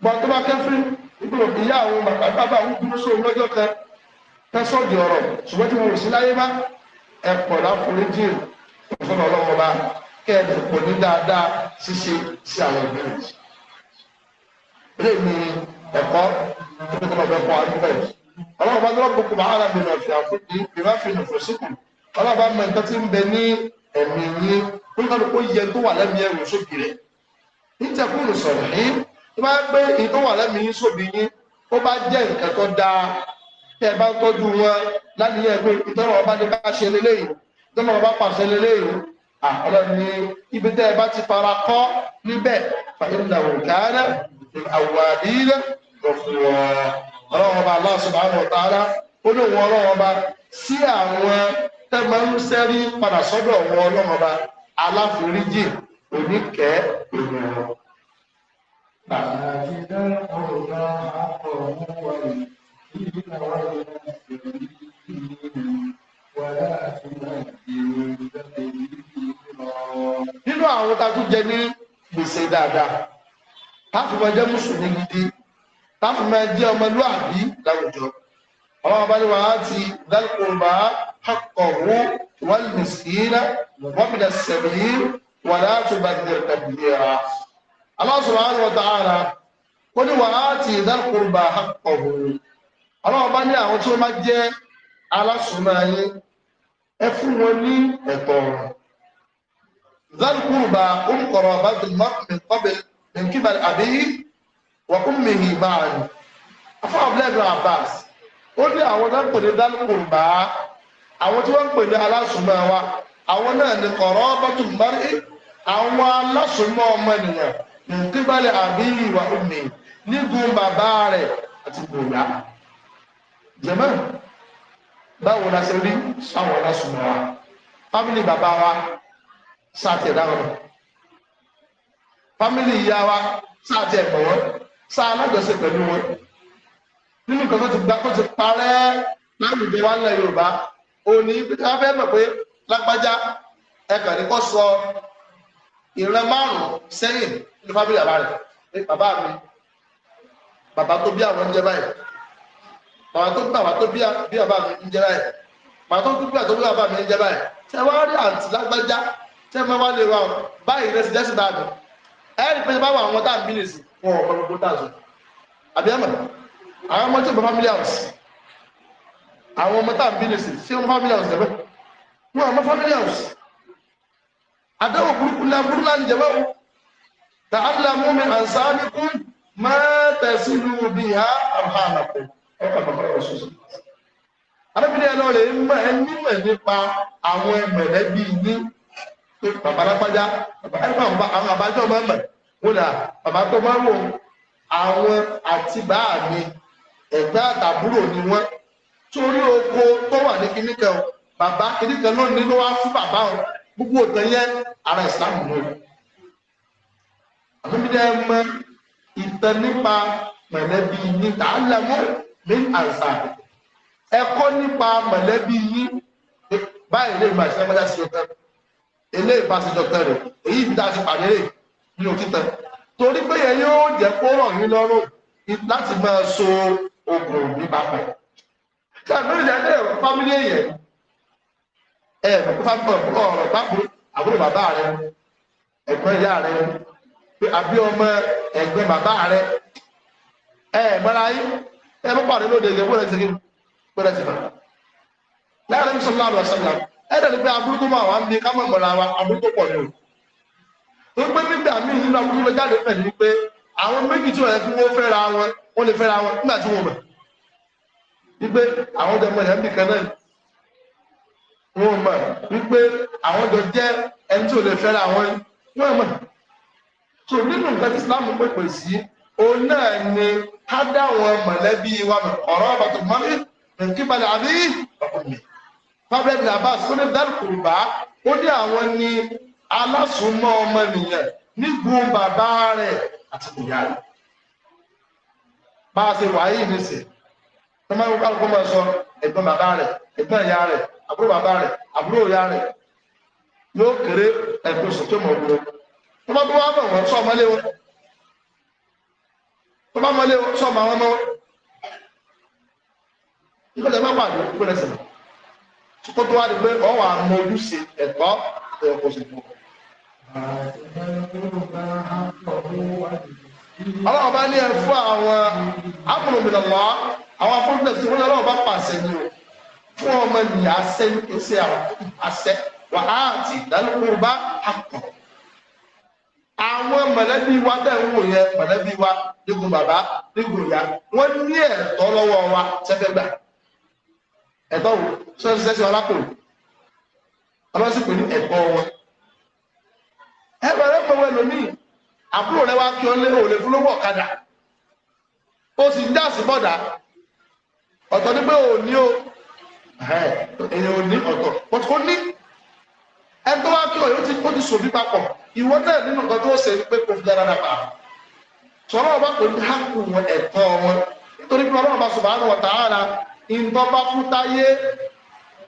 bọ́tọ́ bá kẹ́fí nígbà òbí yá àwọn bàbá bàbá àwọn dúró sóhun lọ́jọ́ kan tẹ́sọ̀dì ọ̀rọ̀ ṣùgbọ́n tí mo rò sí láyé bá ẹ̀pọ̀ láforíjì ìfọ̀nà ọlọ́wọ́ bá kẹ́ẹ̀dẹ̀ pọ̀ ní dáadáa ṣíṣe sí àwọn ìbéèrè. Ilé mi ẹ̀kọ́ tó kọ́ ọ̀bẹ kọ́ àdúgbò ẹ̀. Ọlọ́wọ́ bá dọ́rọ̀ gbogbo bá mi lọ fi àfojì ìbá fi tó bá gbé nǹkan wà lẹ́mìí yín sóbì yín ó bá jẹ́ nǹkan tó dáa tẹ́ ẹ bá ń tọ́jú wọn lánìyàn pé ìtọ́nà ọba ní bá ṣe lélẹ́yìn ìtọ́nà ọba pàṣẹ lélẹ́yìn ọlọ́run ní ibi tẹ́ ẹ bá ti fara kọ́ níbẹ̀ fàyínlá òkàánà àwàdílẹ̀ ọ̀fùnwọ̀ ọlọ́run ọba Allah subhanahu wa ta'ala ó ní òun ọlọ́run ọba sí àwọn tẹ́ máa ń sẹ́rí padà sọ́dọ̀ òun ọlọ́run ọba aláforíjì oníkẹ́ òun آتنا القربى حقه والمسكين والمسلمين ولا تبذل تبذيرا nínú àwọn tá a tún jẹ ní gbèsè dáadáa táàfù máa jẹ mùsùlùmí gidi táàfù máa jẹ ọmọlúàbí láwùjọ àwọn abáníwá ti dálkùnbà haqqahu wal miskina wa mina as-sabil wa la tubadhir tabdira Allah subhanahu wa ta'ala kó ní wàá ti ìdákùrùbà ọ̀hún ọlọ́run bá ní àwọn tí ó máa jẹ́ alásùnmọ́ yín ẹ fún wọn ní ẹ̀tọ́ ọ̀rọ̀ ìdákùrùbà olùkọ̀rọ̀ bá ti mọ́kùnrin kọ́bẹ̀ nìkíbà àbíyí wọ̀kúnmìhì báàlù afọ́ abúlẹ́gbẹ̀rún Abbas ó ní àwọn tó ń pè ní dákùrùbà àwọn tí wọ́n ń pè ní alásùnmọ́ àwọn náà ní kọ̀rọ̀ bá ti mọ́rí àwọn alásùnmọ́ ọmọ ènìyàn nkíbalẹ̀ àbí ìwà omi nígun bàbá rẹ̀ ati bòyá jẹ́mọ́ báwo la ṣe rí sáwọn ọlásùnmọ́ wa fámìlì bàbá wa sátẹ̀dá wọn fámìlì ìyá wa sáàtì ẹ̀kọ́ wọn sáà alájọṣe pẹ̀lú wọn nínú nǹkan tó ti gbà tó ti parẹ́ láwùjọ wa ńlẹ̀ Yorùbá òní pété wọn fẹ́ mọ̀ pé lágbájá ẹ̀kàn ní kò sọ ìran márùn-ún sẹ́yìn ní fábílì bàbá rẹ̀ pé bàbá mi bàbá tó bí àwọn ń jẹ báyìí bàbá tó bí bàbá tó bí bàbá mi ń jẹ báyìí bàbá tó bí bàbá tó bí bàbá mi ń jẹ báyìí tẹ wá rí àǹtí lágbájá tẹ máa wá lè ra ọ báyìí rẹsidẹ́sì bá mi ẹ rí pé báwo àwọn tá à ń bí nìsí wọn ò gbọdọ̀ gbọdọ̀ àzọ àbí ẹ àwọn ọmọ tí ò bá family house àwọn ọmọ tá à ń wọn family house lẹ́fẹ̀ẹ́ wọn àwọn family house àdáwò burúkú náà burúkú náà ń jẹ tààlàmú mi àǹsáàbíkún máa tẹ̀sílù bí i ha àmàlàkùn ọkọ̀ bàbá ọ̀ṣọ́ṣọ́ arábìnrin ẹ̀ lọ́ọ̀rẹ́ mọ̀ ẹ́ nímọ̀ nípa àwọn mẹ̀lẹ́bí ní bàbá lápájá àwọn àbájọ́ máa mọ̀ wọ́dà bàbá tó máa wò àwọn àti bàá mi ẹ̀gbẹ́ àtàbúrò ni wọ́n torí oko tó wà ní kíníkan bàbá kíníkan lónìí ló wá fún bàbá gbogbo òtàn yẹn ara ìsìlámù lónìí àbíbídẹ́ mọ ìtàn nípa mọ̀lẹ́bí yín tààlàmú ní àṣà ẹ̀kọ́ nípa mọ̀lẹ́bí yín báyìí lè máa ṣe mọ́já sí ọ̀tẹ́ ilé ìbáṣejọ tẹ́ rẹ̀ èyí dá sí pàdé rẹ̀ ní òtítà torí pé yẹn yóò jẹ́ kó rọ̀ yín lọ́rùn láti máa so oògùn nípa pẹ̀. ṣàbẹ̀rẹ̀ ìdájọ́ ẹ̀rọ fámílì èèyàn ẹ̀rọ fámílì ọ̀rọ̀ pápú àbúrò bàbá rẹ̀ ẹ̀gbọ́n ìyá rẹ̀ pé àbí ọmọ ẹ̀gbẹ́ bàbá rẹ ẹ mọ́ra yín ẹ mọ́ pàdé lóde ìgbẹ́ bọ́ọ̀rẹ́ ti bọ́ọ̀rẹ́ ti bàbá láàrin sọlá àlọ́ sọlá ẹ dẹ̀ ní pé aburúkú máa wà ń bí kámọ̀ mọ́ra wa aburúkú pọ̀ ní o tó pé nígbà míì nínú aburúkú lọ jáde pẹ̀lú pé àwọn méjì tí wọ́n fún wọn fẹ́ra wọn wọ́n lè fẹ́ra wọn nígbà tí wọ́n mọ̀ wípé àwọn ọjọ́ mọ̀ ẹ̀ bì kan náà wọ́n mọ̀ wípé àwọn ọjọ́ jẹ́ ẹni tí ò lè fẹ́ra wọn wọ́n mọ̀ so nínú nǹkan tí islam pèpè sí òun náà ni ká dáwọn mọ̀lẹ́bí wa mọ̀ ọ̀rọ̀ bàtò mọ́mí nǹkí balẹ̀ àbí ọkùnrin fábẹ́ ní abbas ó ní dárúkùrùbá ó ní àwọn ni alásùnmọ́ ọmọnìyàn nígun bàbá rẹ̀ àti ìyá rẹ̀ bá a ṣe wà yìí nìsín tó máa ń kọ́ àlùkò máa sọ ẹ̀gbọ́n bàbá rẹ̀ ẹ̀gbọ́n ìyá rẹ̀ àbúrò bàbá rẹ̀ àbúrò ìyá rẹ̀ yóò kéré ẹ̀gbọ́n sọ̀tọ́ mọ̀ ọ́ tó bá tó wá bọ̀ wọ́n sọ ọmọlé wọn tó bá mọlé wọn sọ ọmọ àwọn ọmọ wọn nígbàtà bá pàdé ìpín ẹsẹ̀ tó tó wá di pé ọ wà mọ ojúṣe ẹ̀tọ́ ẹ̀yọ kò sì tó. ọlọ́run bá ní ẹ fún àwọn akùnrinmìnàlọ́ àwọn afọ́nbẹ̀sì tí wọ́n lọ́wọ́ bá pàṣẹ ní o fún ọmọ ènìyàn àṣẹ ní kí àwọn àṣẹ wàhálà àti ìdálókòó bá àpọ̀ àwọn mọ̀lẹ́bí wa tẹ̀ ń wò yẹn mọ̀lẹ́bí wa nígun bàbá nígun ìyá wọ́n ní ẹ̀tọ́ lọ́wọ́ wa sẹ́fẹ̀gbà ẹ̀tọ́ wò sẹ́sẹ́sẹ́ ọlákùnrin ọlọ́sìnkò ní ẹ̀tọ́ wọn ẹ bẹ̀rẹ̀ pẹ̀wẹ́ lónìí àbúrò rẹ wá kí ọ lé òòlè fún lówó ọ̀kadà ó sì dá sí bọ́dà ọ̀tọ̀ ní pé òní o ẹ̀yìn òní ọ̀tọ̀ ó ní ẹgbẹ́ wa kí ọ̀yọ́ ti kóbi sòbí papọ̀ ìwọ náà nínú nǹkan tó ṣe pé kò fi dára dàpà sọ̀rọ̀ ọba kò ní hákù wọn ẹ̀tọ́ wọn nítorí pé ọlọ́run bá subhanahu wa ta'ala ìǹtọ́ bá fún táyé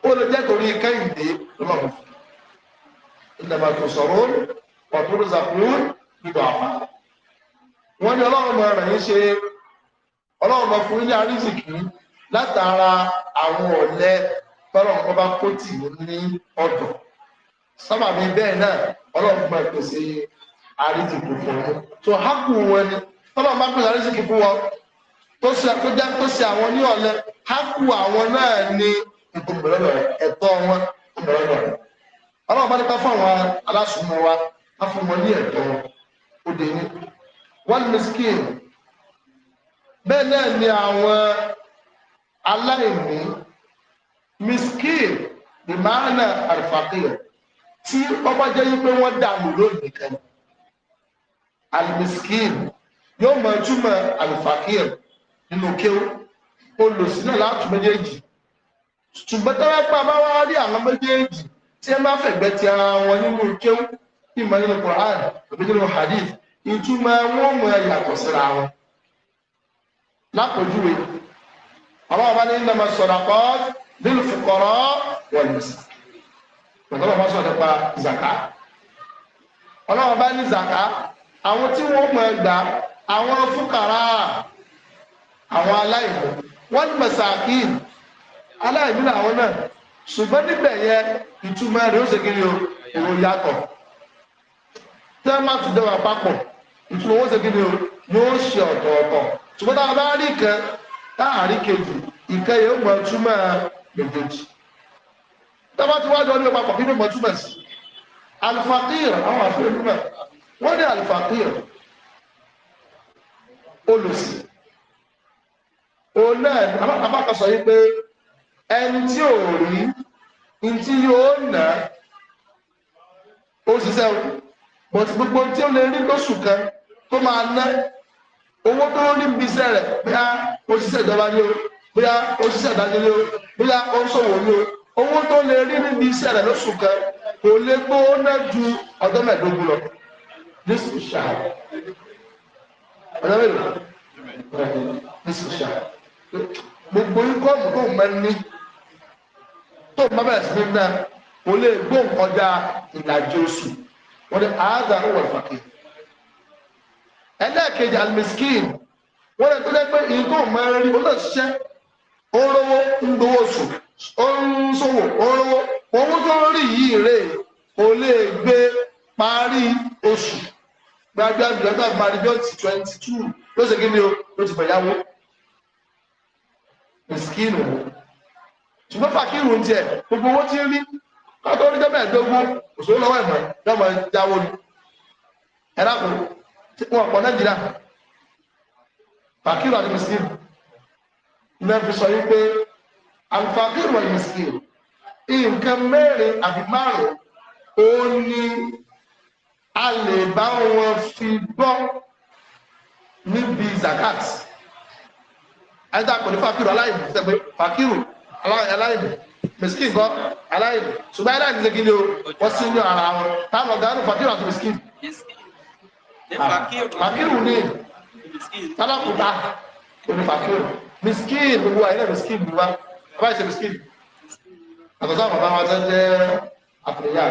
ó lè jẹ́ torí kẹ́hìndé lọ́wọ́ ìdàgbà tó sọ̀rọ̀ ọ̀tún zàkúrú ìdò àpá wọ́n ní ọlọ́run mọ̀ rẹ̀ ń ṣe ọlọ́run mọ̀ fún ilé àríṣìkì látara àwọn ọ̀lẹ tọ́lọ́run bá kó tì ní ọ̀dọ̀ sábà ní bẹ́ẹ̀ náà ọlọ́run máa pèsè àríjìkì fún wọn tó hákù wọn ni tọ́lọ́run bá pèsè àríjìkì fún wọn tó ṣe àkójá tó ṣe àwọn ní ọ̀lẹ hákù àwọn náà ní ìgbòmọ̀lọ́dọ̀ ẹ̀tọ́ wọn ìgbòmọ̀lọ́dọ̀ ọlọ́run bá nípa fún àwọn aláṣùmọ̀ wa á fún wọn ní ẹ̀tọ́ wọn ó dé ní wọ́n ní skin bẹ́ẹ̀ náà ni àwọn aláìní miskin ìmáàna àrífàkìyàn tí ọba jẹ́ yí pé wọ́n dààmú lónìí kan alimiskin yóò máa túmọ̀ alifakir nínú kéwù olùsí náà láti méjèèjì ṣùgbọ́n tọ́lá pa bá wá rí àwọn méjèèjì tí ẹ máa fẹ̀gbẹ́ ti ara wọn nínú kéwù ìmọ̀ nínú Quran òbí nínú hadith ìtumọ̀ wọn mọ̀ yàtọ̀ síra wọn lápòjúwe àwọn ọba ní ìlànà sọ̀rọ̀ kọ́ nílùú fukọ̀rọ̀ wọ̀lùsí pẹ̀lú ọmọ sọ̀rọ̀ nípa zaka ọlọ́wọ́ bá ní zaka àwọn tí wọ́n mọ̀ ẹgbà àwọn fúkàrà àwọn aláìmọ̀ wọ́n ní mẹ̀sàkì aláìmọ̀ àwọn náà ṣùgbọ́n níbẹ̀ yẹ ìtumọ̀ rẹ̀ ó ṣèkiri òwò yàtọ̀ tẹ́ má ti dẹwà papọ̀ ìtumọ̀ owó ṣèkiri o yóò ṣe ọ̀tọ̀ọ̀tọ̀ ṣùgbọ́n tá bá rí ìkẹ́ tá a rí kejì ìkẹ́ mọ̀ túmọ̀ méjèèjì tọ́ba tí wájú ọdún papọ̀ kí ló mọ̀ túmọ̀ sí alifakir àwọn àfihàn túmọ̀ wọ́n ní alifakir olùsí òun náà abákasọ̀ yìí pé ẹni tí ò rí ntí yóò nà ó ṣiṣẹ́ o bọ̀tí gbogbo tí ó lè rí lóṣù kan tó máa ná owó tó ní bí iṣẹ́ rẹ̀ bóyá ó ṣiṣẹ́ ìjọba ni o bóyá ó ṣiṣẹ́ ìdájọ́ ni o bóyá ó ṣòwò ni o owó tó lè rí níbi iṣẹ́ rẹ̀ lóṣù kan kò lè gbówó náà ju ọjọ́ mẹ́ẹ̀ẹ́dógún lọ nísìsiyìí ṣáà ọjọ́ mẹ́ẹ̀ẹ́dógún nísìsiyìí ṣáà gbogbo ikọ́ tó mẹ́rin ní tó bá bẹ̀rẹ̀ sí náà kò lè gbó kọjá ìlàjì oṣù wọ́n ní àádọ́ àwọn ìfàkì ẹlẹ́ẹ̀kejì alimiskin wọ́n lè tó lẹ́gbẹ́ ìkó mẹ́rin ní ṣiṣẹ́ ó lówó ń gbowó oṣù ó ń ṣòwò orówó owó tó ń rí yìí rè ó lè gbé parí oṣù gbàgbà gbàgbà parí bíọ́tì twenty two ló ṣe kí ni o ló ti bẹ̀yàwó mẹsìkìnù ṣùgbọ́n fàkìrù ń tiẹ̀ gbogbo owó tí ń rí kọ́tọ́ ní dẹ́mẹ̀ ẹ̀dógún òṣèlú lọ́wọ́ ẹ̀mọ́ lọ́mọ jáwó ni ẹ̀rá kù wọn ọ̀pọ̀ nàìjíríà fàkìrù àti mẹsìkìnù ní ẹ fi sọ yín pé alfakir wal miskin nǹkan mẹ́rin àbí márùn ó ní a lè bá wọn fi bọ́ níbi zakat ẹ̀dá kò ní fakiru aláìní sẹ́gbẹ́ fakiru aláìní miskin kọ́ aláìní ṣùgbọ́n aláìní lè gíní o wọ́n sí ní ara wọn táwọn ọ̀gá ní àti miskin fakiru ní tálákùtà kò ní fakiru miskin gbogbo àìlẹ́ miskin gbogbo bàbá ìṣe miskin àtọ̀tọ̀ bàbá wa tó jẹ́ àfìlẹ́yà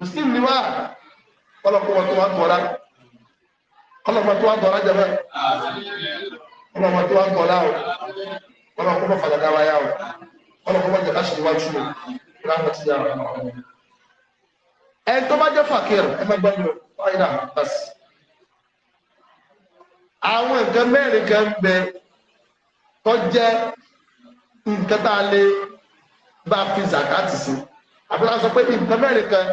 miskin ni wá ọlọ́pọ̀ wọn tó wá tọ́ra ọlọ́pọ̀ tó wá tọ́ra jẹ́fẹ́ ọlọ́pọ̀ tó wá tọ́ra o ọlọ́pọ̀ mọ́ fàdàdà wa yá o ọlọ́pọ̀ mọ́ jẹ́ká ṣe wájú o ìlànà ti yára ẹ̀ tó bá jẹ́ fàkìrì ẹ̀ má gbọ́dọ̀ fáyidà bàs àwọn nǹkan mẹ́rin kan bẹ tó jẹ́ nǹkan tá a lè bá fi zakati sí àbúrò sọ pé nǹkan mẹ́rin kan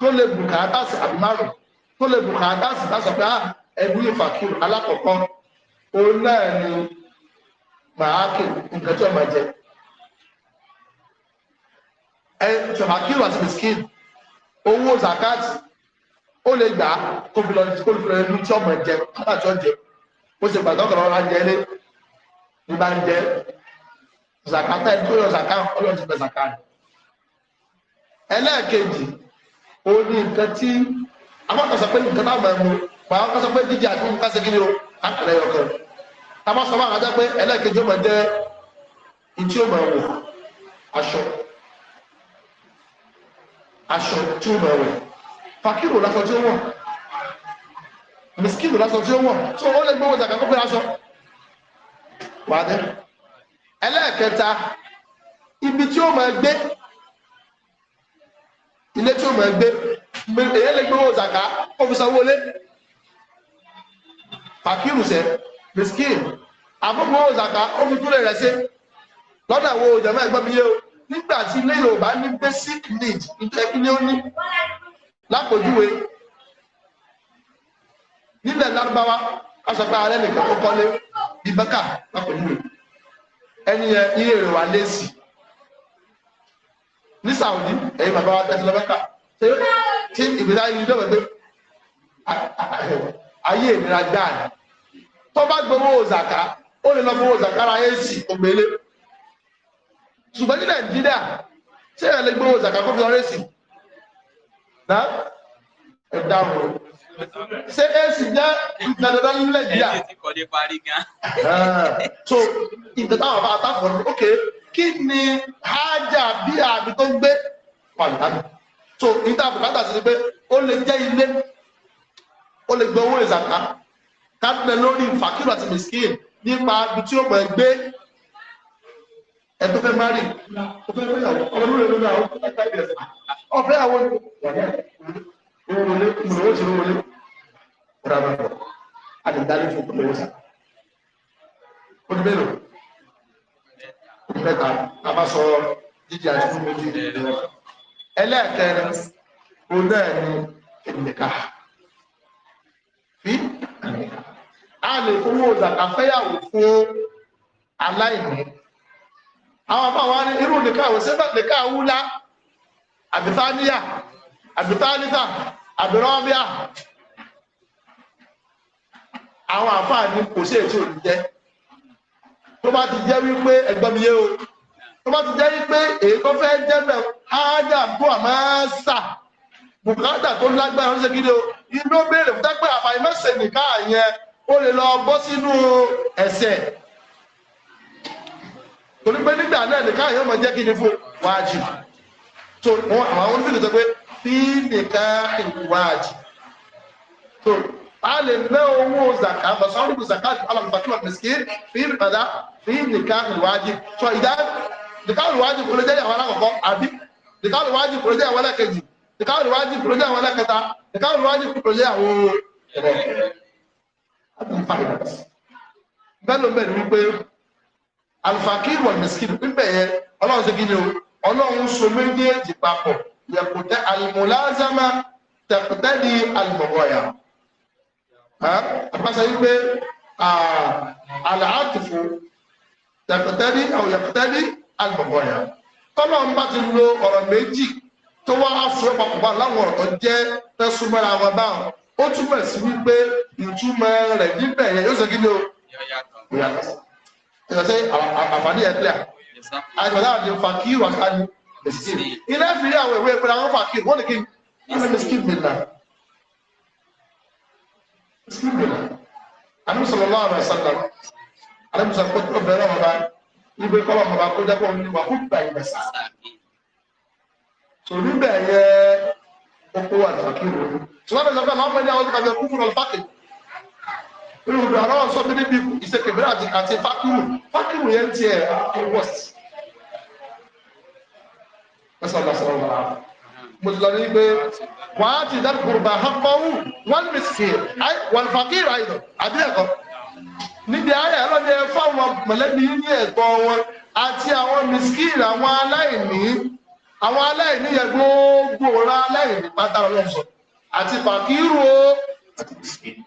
tó lè bùkátà sí àbí márùn tó lè bùkátà sí láti sọ pé ah, ẹbí ìfàkì alákọ̀ọ́kọ́ òun náà ni màákì nǹkan tí ọmọ jẹ ẹ tọmọkì àti bisikíìtì owó zakati ó lè gbà kó fi lọ kó fi lọ inú tí ọmọ jẹ aláàtọ jẹ ó sì gbàdọkọ lọrọ jẹ ní bá ń jẹ zakata ẹni tó yọ zaka ọlọ́run ti gbẹ zaka rẹ̀ ẹlẹ́ẹ̀kejì ó ní nǹkan tí akọ́kọ̀sọ pé nǹkan táwọn ẹ̀mú pa akọ́kọ̀sọ pé jíjẹ àti nǹkan ṣe kíni o akọ̀lẹ̀ yọkọ̀ táwọn sọ fún àkàtà pé ẹlẹ́ẹ̀kejì ó máa jẹ́ ìtí ó máa wọ̀ aṣọ aṣọ tí ó máa wọ̀ fakiru lásán tí ó wọ̀ miskinu lásán tí ó wọ̀ tí ó lè gbówó zaka kó pé aṣọ wàá dẹ́rù. ẹlẹ́ẹ̀kẹta ibi tí ó máa gbé ilé tí ó máa gbé èyí lè gbé owó zaka ó fi sanwó lé fàkírù sẹ miskin àkókò owó zaka ó fi kúrò rẹ sí lọ́dọ̀ àwọn òjòmọ́ ẹ̀gbọ́n mi yé o nígbà tí ilé yorùbá ní basic need ìtẹ́kí ni ó ní lápòjúwe nílẹ̀ lárúbáwá aṣọ nìkan ó kọ́lé ẹni yẹn ilé rẹ̀ wà lẹ́sì ní Saudi ẹ̀yin bàbá wa tẹ̀sí lọ́mẹ́ka tí ìgbésí ayé yìí dọ̀wẹ́ pé ayé ìnira gbáà ni tó bá gbowó òzàká ó lè lọ fowó òzàká ra ẹ̀sì ògbélé ṣùgbọ́n ní Nàìjíríà ṣé ẹ̀ lè gbowó òzàká kó fi lọ rẹ̀ sí náà ẹ̀ dáhùn ṣé ac jẹ́ ìdàdàdà nílẹ̀ díà. ẹni tí so ìdàdà àwọn bàbá àtàkùn ọ̀rọ̀ ok kí ni hájà bí àbí tó ń gbé pàdánù so níta bùkátà sí ni pé ó lè jẹ́ ilé ó lè gbé owó ìzàká ká lórí fàkírù àti miskin nípa ibi tí ó mọ̀ ẹ́ gbé ẹ̀tọ́ fẹ́ mari ọfẹ́ fẹ́yàwó ọlọ́lọ́rẹ̀ lórí àwọn ọfẹ́ àwọn ìrọ̀lẹ́ ìrọ̀lẹ́ ìrọ̀lẹ́ rárá rọ a lè dálé fún kúlẹ̀ wọ́sà ó ti mélòó ó ti mẹ́ta a bá sọ jíjẹ àti fún méjì ẹlẹ́ẹ̀kẹrin ó náà ní ẹnìkà fi ẹnìkà a lè fowó ìdàkà fẹ́yàwó fún aláìní àwọn àbá wa ní irú a àwọn sẹ́fẹ̀ nìkà wúlá àbítáníyà àbítánítà àbírọ́bíà àwọn àǹfààní kò sí ètò ìjẹ́ tó bá ti jẹ́ wípé ẹgbẹ́ mi yé o tó bá ti jẹ́ wípé èyí tó fẹ́ jẹ́ bẹ̀ ájá bó àmọ́ sà bùkátà tó lágbára ló ṣe kí ni o inú béèrè fún dápẹ́ àfàì mẹ́sẹ̀ nìka yẹn ó lè lọ bọ́ sínú ẹ̀ṣẹ̀ torí pé nígbà náà nìka yẹn mọ̀ jẹ́ kí ni fún wájú tó wọn àwọn oníbìrì sọ pé fí nìka wájú tó a lè ná owó zaka lọ́sàn-án níbo zaka alamọ̀tàkùnmọ̀ mẹ́sìkín fi padà fi nìkan ìwádìí sọ ìdá nìkan ìwádìí kò lè jẹ́ ìyàwó alákọ̀ọ́kọ́ àbí nìkan ìwádìí kò lè jẹ́ ìyàwó alákejì nìkan ìwádìí kò lè jẹ́ ìyàwó alákẹta nìkan ìwádìí kò lè jẹ́ ìyàwó ẹ̀rọ. bẹ́ẹ̀ ló bẹ̀rẹ̀ wípé alifakir wà mẹ́sìkín níbẹ̀ yẹn ọlọ́run ṣe àpàṣẹ wípé àlàátìfù yàtọ̀tẹ́rí àwọn yàtọ̀tẹ́rí àgbọ̀gbọ̀yà tọ́lọ́run bá ti lo ọ̀rọ̀ méjì tó wá fún ọ̀pọ̀pọ̀ láwọn ọ̀rọ̀ tó jẹ́ tẹ́súmọ́ra wọn báwọn ó túmọ̀ sí wípé ìtumọ̀ rẹ̀ níbẹ̀ yẹn yóò sọ kí ni o yàtọ̀ sí àǹfààní ẹ̀ clear àgbàdo àti fàkíyù àti àdìsí ilé fi rí àwọn ìwé ìpínlẹ̀ àwọn fàkíyù wọ́n ní kí ní sílẹ̀ anúsọ̀lọ́lá àrẹ sọ́dọ̀ alẹ́bùsọ̀ pé kó bẹ̀rẹ̀ wọn bá ibi kọ́ wọn bá kó jápọ̀ ní wà kó gbà ibẹ̀ sá. tò níbẹ̀ yẹ kókó wà lọ́kì rò ó. sọ́dọ̀ sọ́dọ̀ àwọn ọmọ ẹni àwọn ìkàwé kú fún ọlọ́pàkì. olùdó àrọ́ sọ mo ti lọ ní pé wọ́n á ti dárí kùrùbà hankọ́wù wọ́n mi sì wọ́n fàkìrì àìdọ̀ àbí ẹ̀kọ́ níbi ayé ọlọ́dẹ fáwọn mọ̀lẹ́bí ní ẹ̀tọ́ wọn àti àwọn mìsíkìrì àwọn aláìní àwọn aláìní yẹ gbogbo ra aláìní pátá ọlọ́sọ àti fàkìrù o àti mìsíkìrì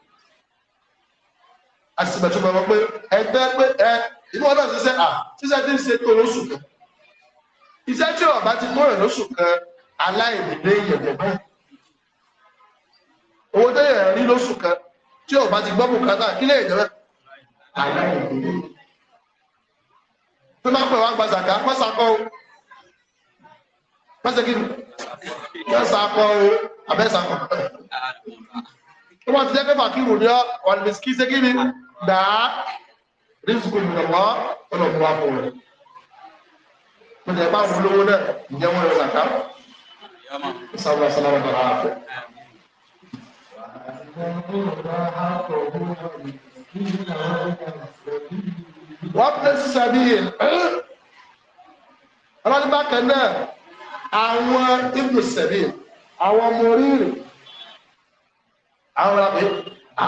àti ìbẹ̀tọ̀ bẹ̀rẹ̀ pé ẹgbẹ́ pé ẹ inú ọ̀dọ̀ ṣiṣẹ́ à ṣiṣẹ́ tí ń ṣe tó lóṣù kan iṣẹ́ tí ọ̀bá ti tó rẹ̀ lóṣù kan aláìnílé ìyẹ̀wò bẹ́ẹ̀ owó tẹ́yẹ̀ rí lóṣù kan tí ò bá ti gbọ́ bùkátà kí lè jẹ́ aláìnílé tó bá pẹ̀ wá gba zàkà pẹ́sàkọ́ o pẹ́sẹ̀ kí pẹ́sàkọ́ o abẹ́sàkọ́ tó bá ti jẹ́ pẹ́fà kí ròdíọ́ ọ̀lẹ́mìsíkí ṣe kí ni gbàá rí sùkúrù ìrànwọ́ ọlọ́mùwà fún rẹ̀ jẹ́ bá wù lówó náà ìjẹun rẹ̀ نسأل الله سلامة والعافية وابن السبيل ọlọ́dún bákan náà àwọn ibùn sẹ̀bí àwọn ọmọ oríire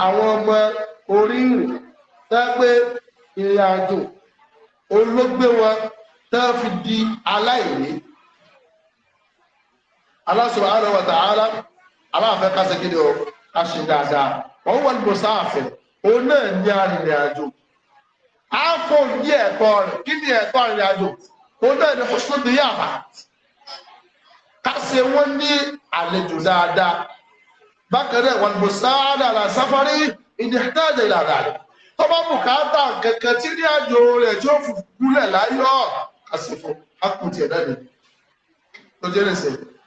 àwọn ọmọ oríire tẹ́gbẹ́ ìrìn àjò olóògbé wọn tẹ́ fi di aláìní Allah subhanahu wa ta'ala aláàfẹ́ kásẹ̀ kí ni ó kásì dáadáa wọ́n wọ́n ní mùsáàfin òun náà ní arìnrìn àjò àfọ̀ ní ẹ̀kọ́ rẹ̀ kí ni ẹ̀kọ́ arìnrìn àjò òun náà ní kòsó ní yàrá kásẹ̀ wọ́n ní àlejò dáadáa bákan náà wọ́n ní mùsáàdà àlàsáfárí ìdíhàtàjà ìlànà rẹ̀ tó bá bùkátà kẹ̀kẹ́ tí ní àjò rẹ̀ tí ó fi gúnlẹ̀ láyọ̀ kásẹ̀ fún akùtì ẹ̀dá ni lójú ẹ̀rẹ̀ sẹ́yìn.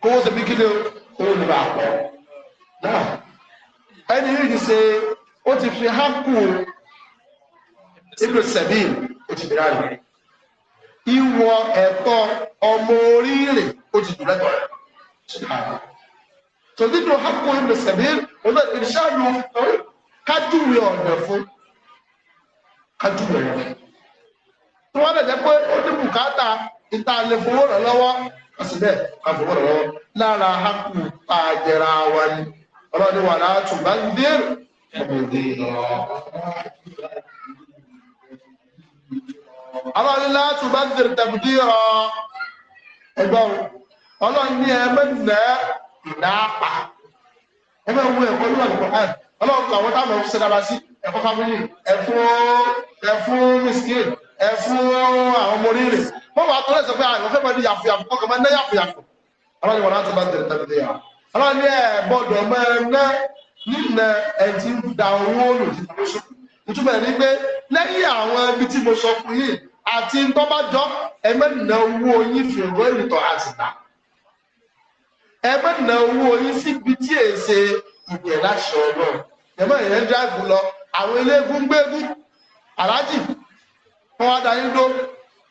kówó ṣe bí kí ni o ò lè bá pọ̀ náà ẹni yìí ti ṣe ó ti fi hákù ibùdó sẹ̀bìn ó ti bẹ̀rẹ̀ àná ìwọ ẹ̀tọ́ ọmọ oríire ó ti jù lẹ́tọ̀ọ́ rẹ̀ tòdídò hákù ibùdó sẹ̀bìn ọ̀dọ̀ ìṣáàlú kájúwe ọ̀nà fún kájúwe ọ̀nà tí wọ́n lè jẹ́ pé ó ní bùkátà ìta lè fowó rẹ̀ kásìlẹ̀ àfọwọ́rọ̀ lọ́wọ́ lára hákùn pàjẹra wa ni ọlọ́ni wà látù bá ń dérò ọmọdé ọlọ́ni látù bá ń dérò tàbí rọ ẹgbọ́n ọlọ́ni ẹgbẹ́ nẹ́ ìdápa ẹgbẹ́ wo ẹ̀kọ́ ló wà ní kọ̀ọ̀kan ọlọ́run làwọn táwọn ọ̀hún ṣe sí ẹ̀kọ́ fámílì ẹ̀fún ẹ̀fún miskin ẹ̀fún àwọn ọmọ orí wọ́n wà tọ́lẹ̀ sọ pé àwọn ah, fẹ́ máa ní yàfùyàfù kọ́kọ́ máa ná yàfùyàfù aláwọ̀ wọn láti bá tẹ̀lé tẹ̀lé yà aláwọ̀ ní ẹ̀ gbọ́dọ̀ máa ná nínú ẹ̀ ti ń da owó lò sí ìtàkùsù ìtumọ̀ ẹ̀ ní pé lẹ́yìn àwọn ibi tí mo sọ fún yìí àti ntọ́bájọ́ ẹ má ná owó yín fi ìwé ìrìntọ́ àtìgbà ẹ má ná owó yín síbi tí è ṣe ìgbẹ̀ láṣọ ọlọ́run ẹ má yẹn dráìbù lọ àwọn eléégún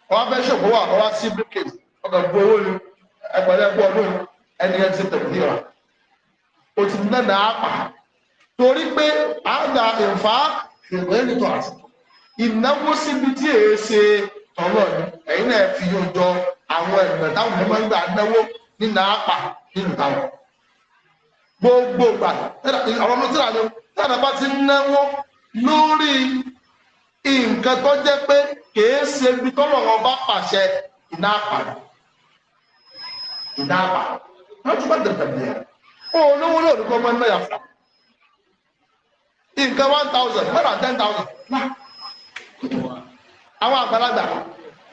ọwọ́ abẹ́ ṣògbó wà ọwọ́ sí brickage ọkọ̀ bu owó ni ẹgbẹ̀rẹ́ ẹgbẹ́ ọdún ni ẹni ẹ ti tẹ̀lé níra o ti ní nà á pa torí pé àgbà ìfà ìrẹ́lì tó àti ìnáwó síbi tí èé ṣe tọ́lọ̀ ni ẹ̀yin náà fi yóò jọ àwọn ẹ̀gbẹ̀ táwọn ọmọ ń gbà náwó ní nà á pa nínú táwọn gbogbo gbà ọ̀rọ̀ tíra ni tí àdàbà ti náwó lórí nǹkan tó jẹ́ pé kìí ṣe ibi tọ́lọ̀ wọn bá pàṣẹ iná àpàdé iná àpàdé wọ́n ti bá dẹ̀dẹ̀ bí ẹ̀ ó olówó lóòrùn kọ́ ọmọ ẹ̀mẹ́yà fún nǹkan one thousand mẹ́ta ten thousand àwọn àgbàlagbà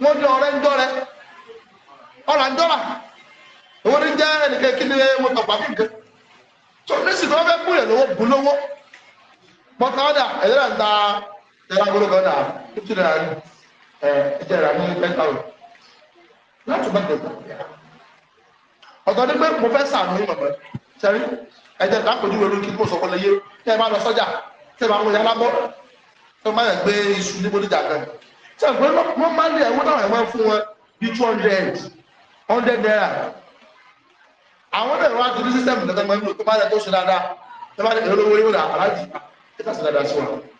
wọ́n di ọ̀rẹ́ ń dọ́rẹ́ ọ̀rà ń dọ́rà owó ní jẹ́ ẹnìkan kí ni mo tọ̀ pàmì nǹkan tó ní sì tó fẹ́ kúrẹ̀ lówó bù lówó bọ́tà ẹ̀yẹ́dà ń ta tẹ́lá gbọ́dọ̀ kan náà fifty naira ni ẹ ẹjẹ rà ní ten thousand láti bá dé ọ̀gá ni pé mo fẹ́ sàánú yín mọ̀mọ́ sẹ́rí ẹ̀jẹ̀ tó àpòjú wẹ̀rù kí mo sọ̀kọ́ lè yé kí ẹ bá lọ sọ́jà kí ẹ bá wọlé alábọ́ kí ẹ má yẹ gbé iṣu ní bódìjà kan ṣe pé wọ́n máa lé ẹ̀wọ́n náà ẹ̀wọ́n fún wọn bí two hundred hundred naira àwọn náà wá torí sísẹ́mù tẹ́tẹ́ mọ́ inú tó bá yẹ tó ṣe dáadáa tó bá yẹ tó lówó yóò rà aláàjì kí ẹ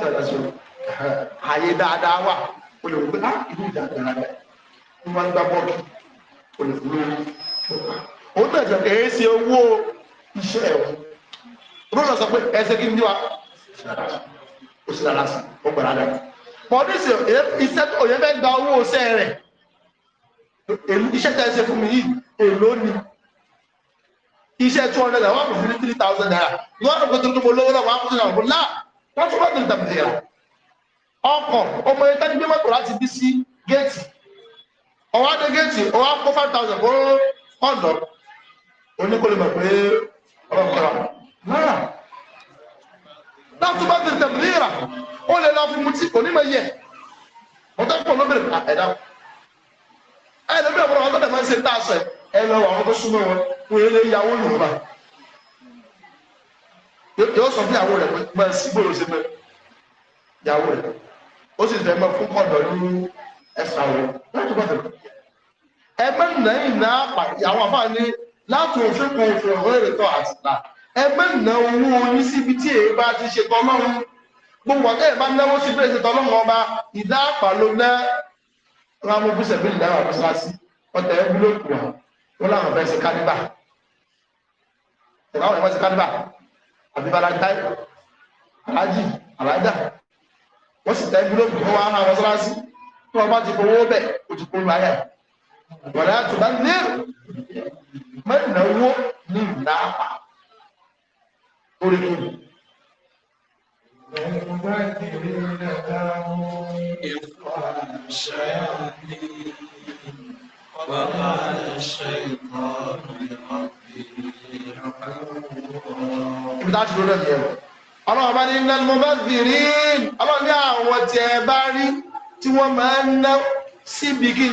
sọ̀rọ̀ sọ̀rọ̀ ààyè dáadáa wà o lè wọ́n á ah, ìlú ìdàgbàrà rẹ̀ wọ́n máa ń gbá bọ́ọ̀lù o lè wúlò ọ̀pá o tẹ̀ sọ pé ah, èyí ṣe owó iṣẹ́ ẹ̀ wọ́n o lọ sọ pé ẹsẹ̀ kí ni wá o sì dára sí o gbàrà rẹ̀ pọ̀ ní sè iṣẹ́ tó yẹ fẹ́ gba owó iṣẹ́ rẹ̀ iṣẹ́ tẹ̀ ṣe fún mi yìí èlò ni iṣẹ́ two hundred naira one fifty three thousand naira one hundred fifty three mo lówó náà one hundred fifty naira mo náà wọ́n tún rọ́jò tẹ̀bìlìyà ọkọ̀ ọmọ ẹ̀ta ní gbẹ́mọ̀tò láti bí sí géètì ọwọ́ adé géètì ọwọ́ kó five thousand kó ọ̀dọ̀ oníkólébà pé ọlọ́kọ̀ọ́ra náà láti rọ́jò tẹ̀bìlìyà ó lè lọ fi mutí onímọ̀ yẹ ọ̀tọ́ pọ̀ lóbìnrin ẹ̀dá ẹ̀ lóbìnrin ọ̀rọ̀ ọ̀tọ́ yóò sọ fún ìyàwó rẹ̀ pé mọ sí gbòòrò sí mẹ ìyàwó rẹ̀ ó sì fẹ́ mọ fún kọ̀dọ̀ ní ẹ̀sà rẹ̀ láti bọ̀ tẹ̀lé. ẹgbẹ́ nàìjíríà náà pa ìyàwó àbá ní láti òfin kan òfin ọ̀rọ̀ èrè tọ́ àti là ẹgbẹ́ nà owó oní síbi tí èyí bá ti ṣe tọ́lọ́run gbogbo ọ̀tẹ́ ìbá náwó sí bí èsì tọ́lọ́run ọba ìdá àpàló náà rámú bí sẹ̀bí ìdá àwọn mọ́sálásí ọ̀tẹ̀ ẹ̀bí ló kù wọn láwọn fẹ́ ṣe káníbà. ìbáwọn ẹ̀ àbí balantai alájì alájà wọ́n sì tẹ́ gúlóòbù tó wá ara mọ́sálásí tó wọ́n bá ti fowó bẹ̀ ó ti kún láyà wọ̀lẹ́ àti bá ní mẹ́rìnlẹ́wọ́ ní ìlà àpá orí kí ni. المبادرين كانوا إخوان الشياطين وكان الشيطان لربه ọlọ́run bá ní ilẹ̀ mọ́bẹ́sìrì ọlọ́run ní àwọn tí ẹ bá rí tí wọ́n máa ń ná síbi kí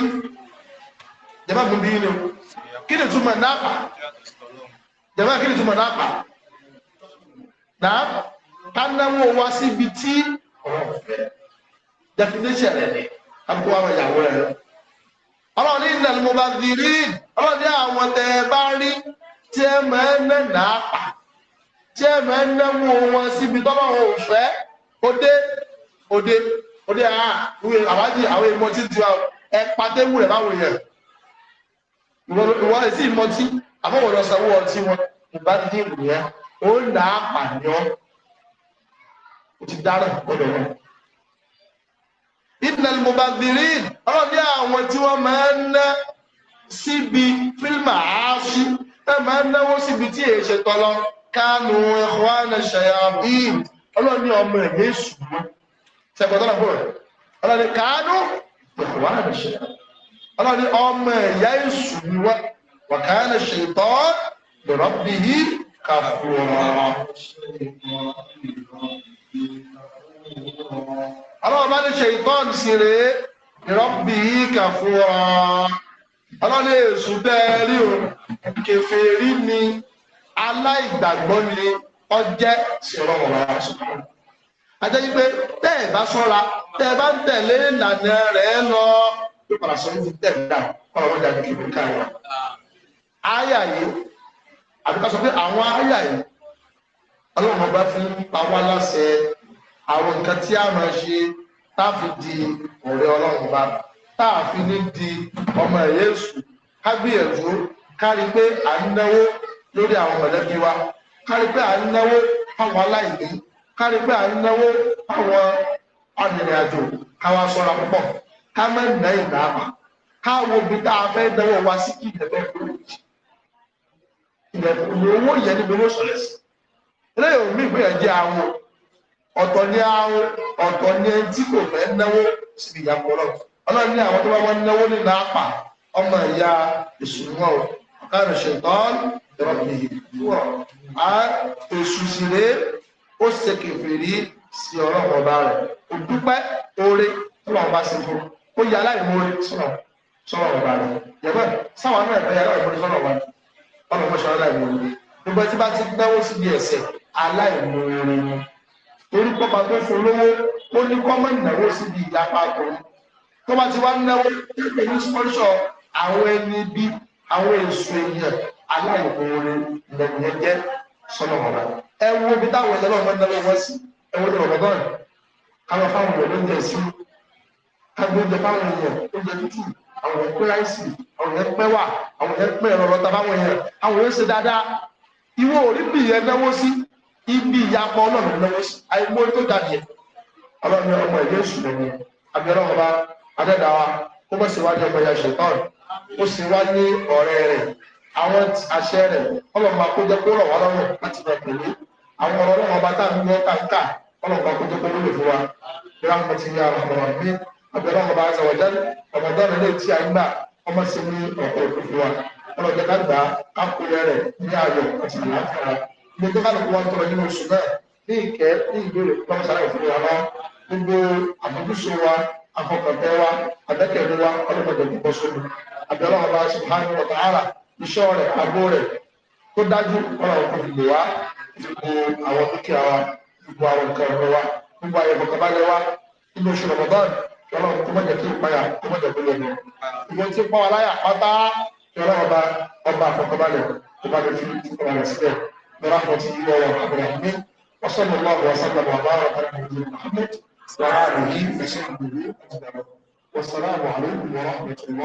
jẹ́bá fún bí inú kí ni túmọ̀ náàpà jẹ́bá kí ni túmọ̀ náàpà náà ká náwó wá síbi tí ọ̀rọ̀ fẹ́ definition rẹ̀ ni àbúkọ́ àwọn ìyàwó rẹ̀ lọ ọlọ́run ní ìnà mo bá ti rí ọlọ́run ní àwọn tẹ ẹ bá rí tí ẹ máa ń nà náà pa tí ẹ máa ń náwó wọn síbi tọ́lọ́run ò fẹ́ òde òde òde àwájú àwọn èèmọ ti wá ẹ pàdé wúrẹ̀ báwọn èèyàn ìwọ èsì ìmọtí àbọ̀wọ̀dọ̀ sanwó ọtí wọn ìbá dín ìrìn ẹ ó nà á pàdé ọ ó ti dáràn gbọdọ̀ wọn. ان المبذرين اولياء وتوا من سبي في المعاصي تمنى وسبتي شيطان كانوا اخوان الشياطين الله ني امر يسوع سبتنا هو الله ني كانوا اخوان الشياطين الله ني امر يسوع وكان الشيطان بربه كفورا الشيطان بربه كفورا ọlọ́run bá ní ṣe ìtọ́ọ̀nù sí rèé ìrọ́bì ìkà fún ọ ọlọ́run èṣù bẹ́ẹ̀ rí o kèfèrí ni aláìgbàgbọ́ ni ọjẹ́ sí ọlọ́run bá wà sùn. yí pé tẹ́ bá sọ́ra tẹ́ bá ń tẹ̀lé ìlànà rẹ̀ lọ yóò padà sọ ní tẹ̀ dà ọlọ́run jà kìkì ní káyọ̀. áyà yìí àbíká sọ pé àwọn áyà yìí ọlọ́run bá fún pa láṣẹ àwọn nǹkan tí a máa ṣe tá a fi di ọ̀rẹ́ ọlọ́run bá tá a fi ní di ọmọ ẹ̀yẹ èṣù ká gbìyànjú kárí pé à ń náwó lórí àwọn mọ̀lẹ́bí wa kárí pé à ń náwó fáwọn aláìní kárí pé à ń náwó fáwọn arìnrìn àjò sọ́ra púpọ̀ ká má ná ìdá àmà ká wo ibi tá a fẹ́ náwó wa sí kí ìdẹ̀bẹ̀ kúrò ìdẹ̀bẹ̀ owó yẹn níbi owó sọ̀rẹ́sì eléyìí ò mí ìgbéyànjẹ àwọn ọ̀tọ̀ ní ahó ọ̀tọ̀ ní etí kò fẹ́ náwó síbi ìyàpọ̀ ọlọ́run ọlọ́run ní àwọn tó bá wọn náwó nínú apà ọmọ ìyá ìṣúná o ọ̀kadà ṣètọ́n ìrọ̀lẹ́ ìdúrọ̀ á èṣù sì rèé ó ṣe kèfèrí sí ọlọ́run ọba rẹ̀ ó dúpẹ́ oore tó lọ́wọ́ bá ṣe fún ó yẹ aláìmoore sọ̀rọ̀ sọ̀rọ̀ ọba rẹ̀ yẹ̀bẹ̀ sáwọn náà ẹ̀fẹ́ yẹ aláìmoore sọ̀rọ̀ ọba rẹ̀ ọlọ́run aláìmoore gbogbo ẹtí bá ti náwó síbi ẹ̀sẹ̀ aláìmoore ni torí kọ́ba tó fún lówó ó ní kọ́mọ ìnáwó síbi ìyapa àtọ̀hún kọ́ba tí wàá náwó ẹgbẹ́ ní spọ́nṣọ àwọn ẹni bí àwọn èso èèyàn aláìkóore lẹ́yìn ẹjẹ́ sọ́nà ọ̀la ẹ wo bí táwọn ẹ̀dá náà máa náwó wọ́n sí ẹ wọ́n ní ọ̀gọ́gọ́n káwọn fáwọn èèyàn ló ń jẹ sí káwọn oúnjẹ fáwọn èèyàn oúnjẹ tútù àwọn èèyàn pé àwọn èèyàn wà àwọn èèyàn pẹ́ ẹ̀rọ fáwọn èèyàn àwọn èèyàn dáadáa ìwọ òrí bìyẹn náwó sí ibi ìyapọ̀ ọlọ́run lọ́wọ́ sí àìmọ́ tó jáde yẹn ọlọ́run yẹn ọmọ ìlú èṣù lẹ́yìn abẹ́rẹ́ ọba adẹ́dáwa ó bọ́ síwájú ọmọ ìyá ṣètọ́n ó sì wá ní ọ̀rẹ́ rẹ̀ àwọn àṣẹ rẹ̀ ọlọ́run máa kó jẹ́ kó rọ̀ wá lọ́wọ́ láti rẹ̀ pẹ̀lú àwọn ọ̀rọ̀ ọlọ́run ọba tá à ń gbọ́ káńkà ọlọ́run máa kó jẹ́ kó lóye fún wa ìlànà ti yà ọ̀rọ̀ mi abẹ́rẹ́ ọba àzọ̀wọ̀jẹ́ ọ̀mọ̀dọ́rin ọmọ sí ní ọ̀pọ̀ òkú wa ọlọ́jọ́ ká gbà á kó rẹ̀ ní ayọ̀ àti ìlànà gbogbo kálukú wa tọrọ nínú oṣù náà ní ìkẹ́ ní ìbéèrè lọ́mọsára ìfúnni wa náà gbogbo àfojúsùn wa afọkàntẹ wa àdẹ́kẹ̀lú wa ọlọ́mọdé púpọ̀ sómi àbẹ̀lọ́ ọba subhanahu wa ta'ala iṣẹ́ rẹ̀ àbó rẹ̀ tó dájú ọlọ́run kò lè wá gbogbo àwọn dúkìá wa gbogbo àwọn nǹkan ọ̀rọ̀ wa gbogbo àyẹ̀wò kọ̀ọ̀bálẹ̀ wa nínú oṣù rọ̀mọ̀bọ́n ọlọ́run kó mọ̀jẹ̀ kí ìpayà kó mọ̀jẹ̀ kó lẹ́nu ìwọ tí pọ́n aláyà pátá ọlọ́run ọba ọba àfọkànbalẹ̀ ọba lè fi ọ̀rọ̀ sílẹ̀ برحمته وعبد الرحمن وصلى الله وسلم وبارك على نبينا محمد وعلى اله وصحبه اجمعين والسلام عليكم ورحمه الله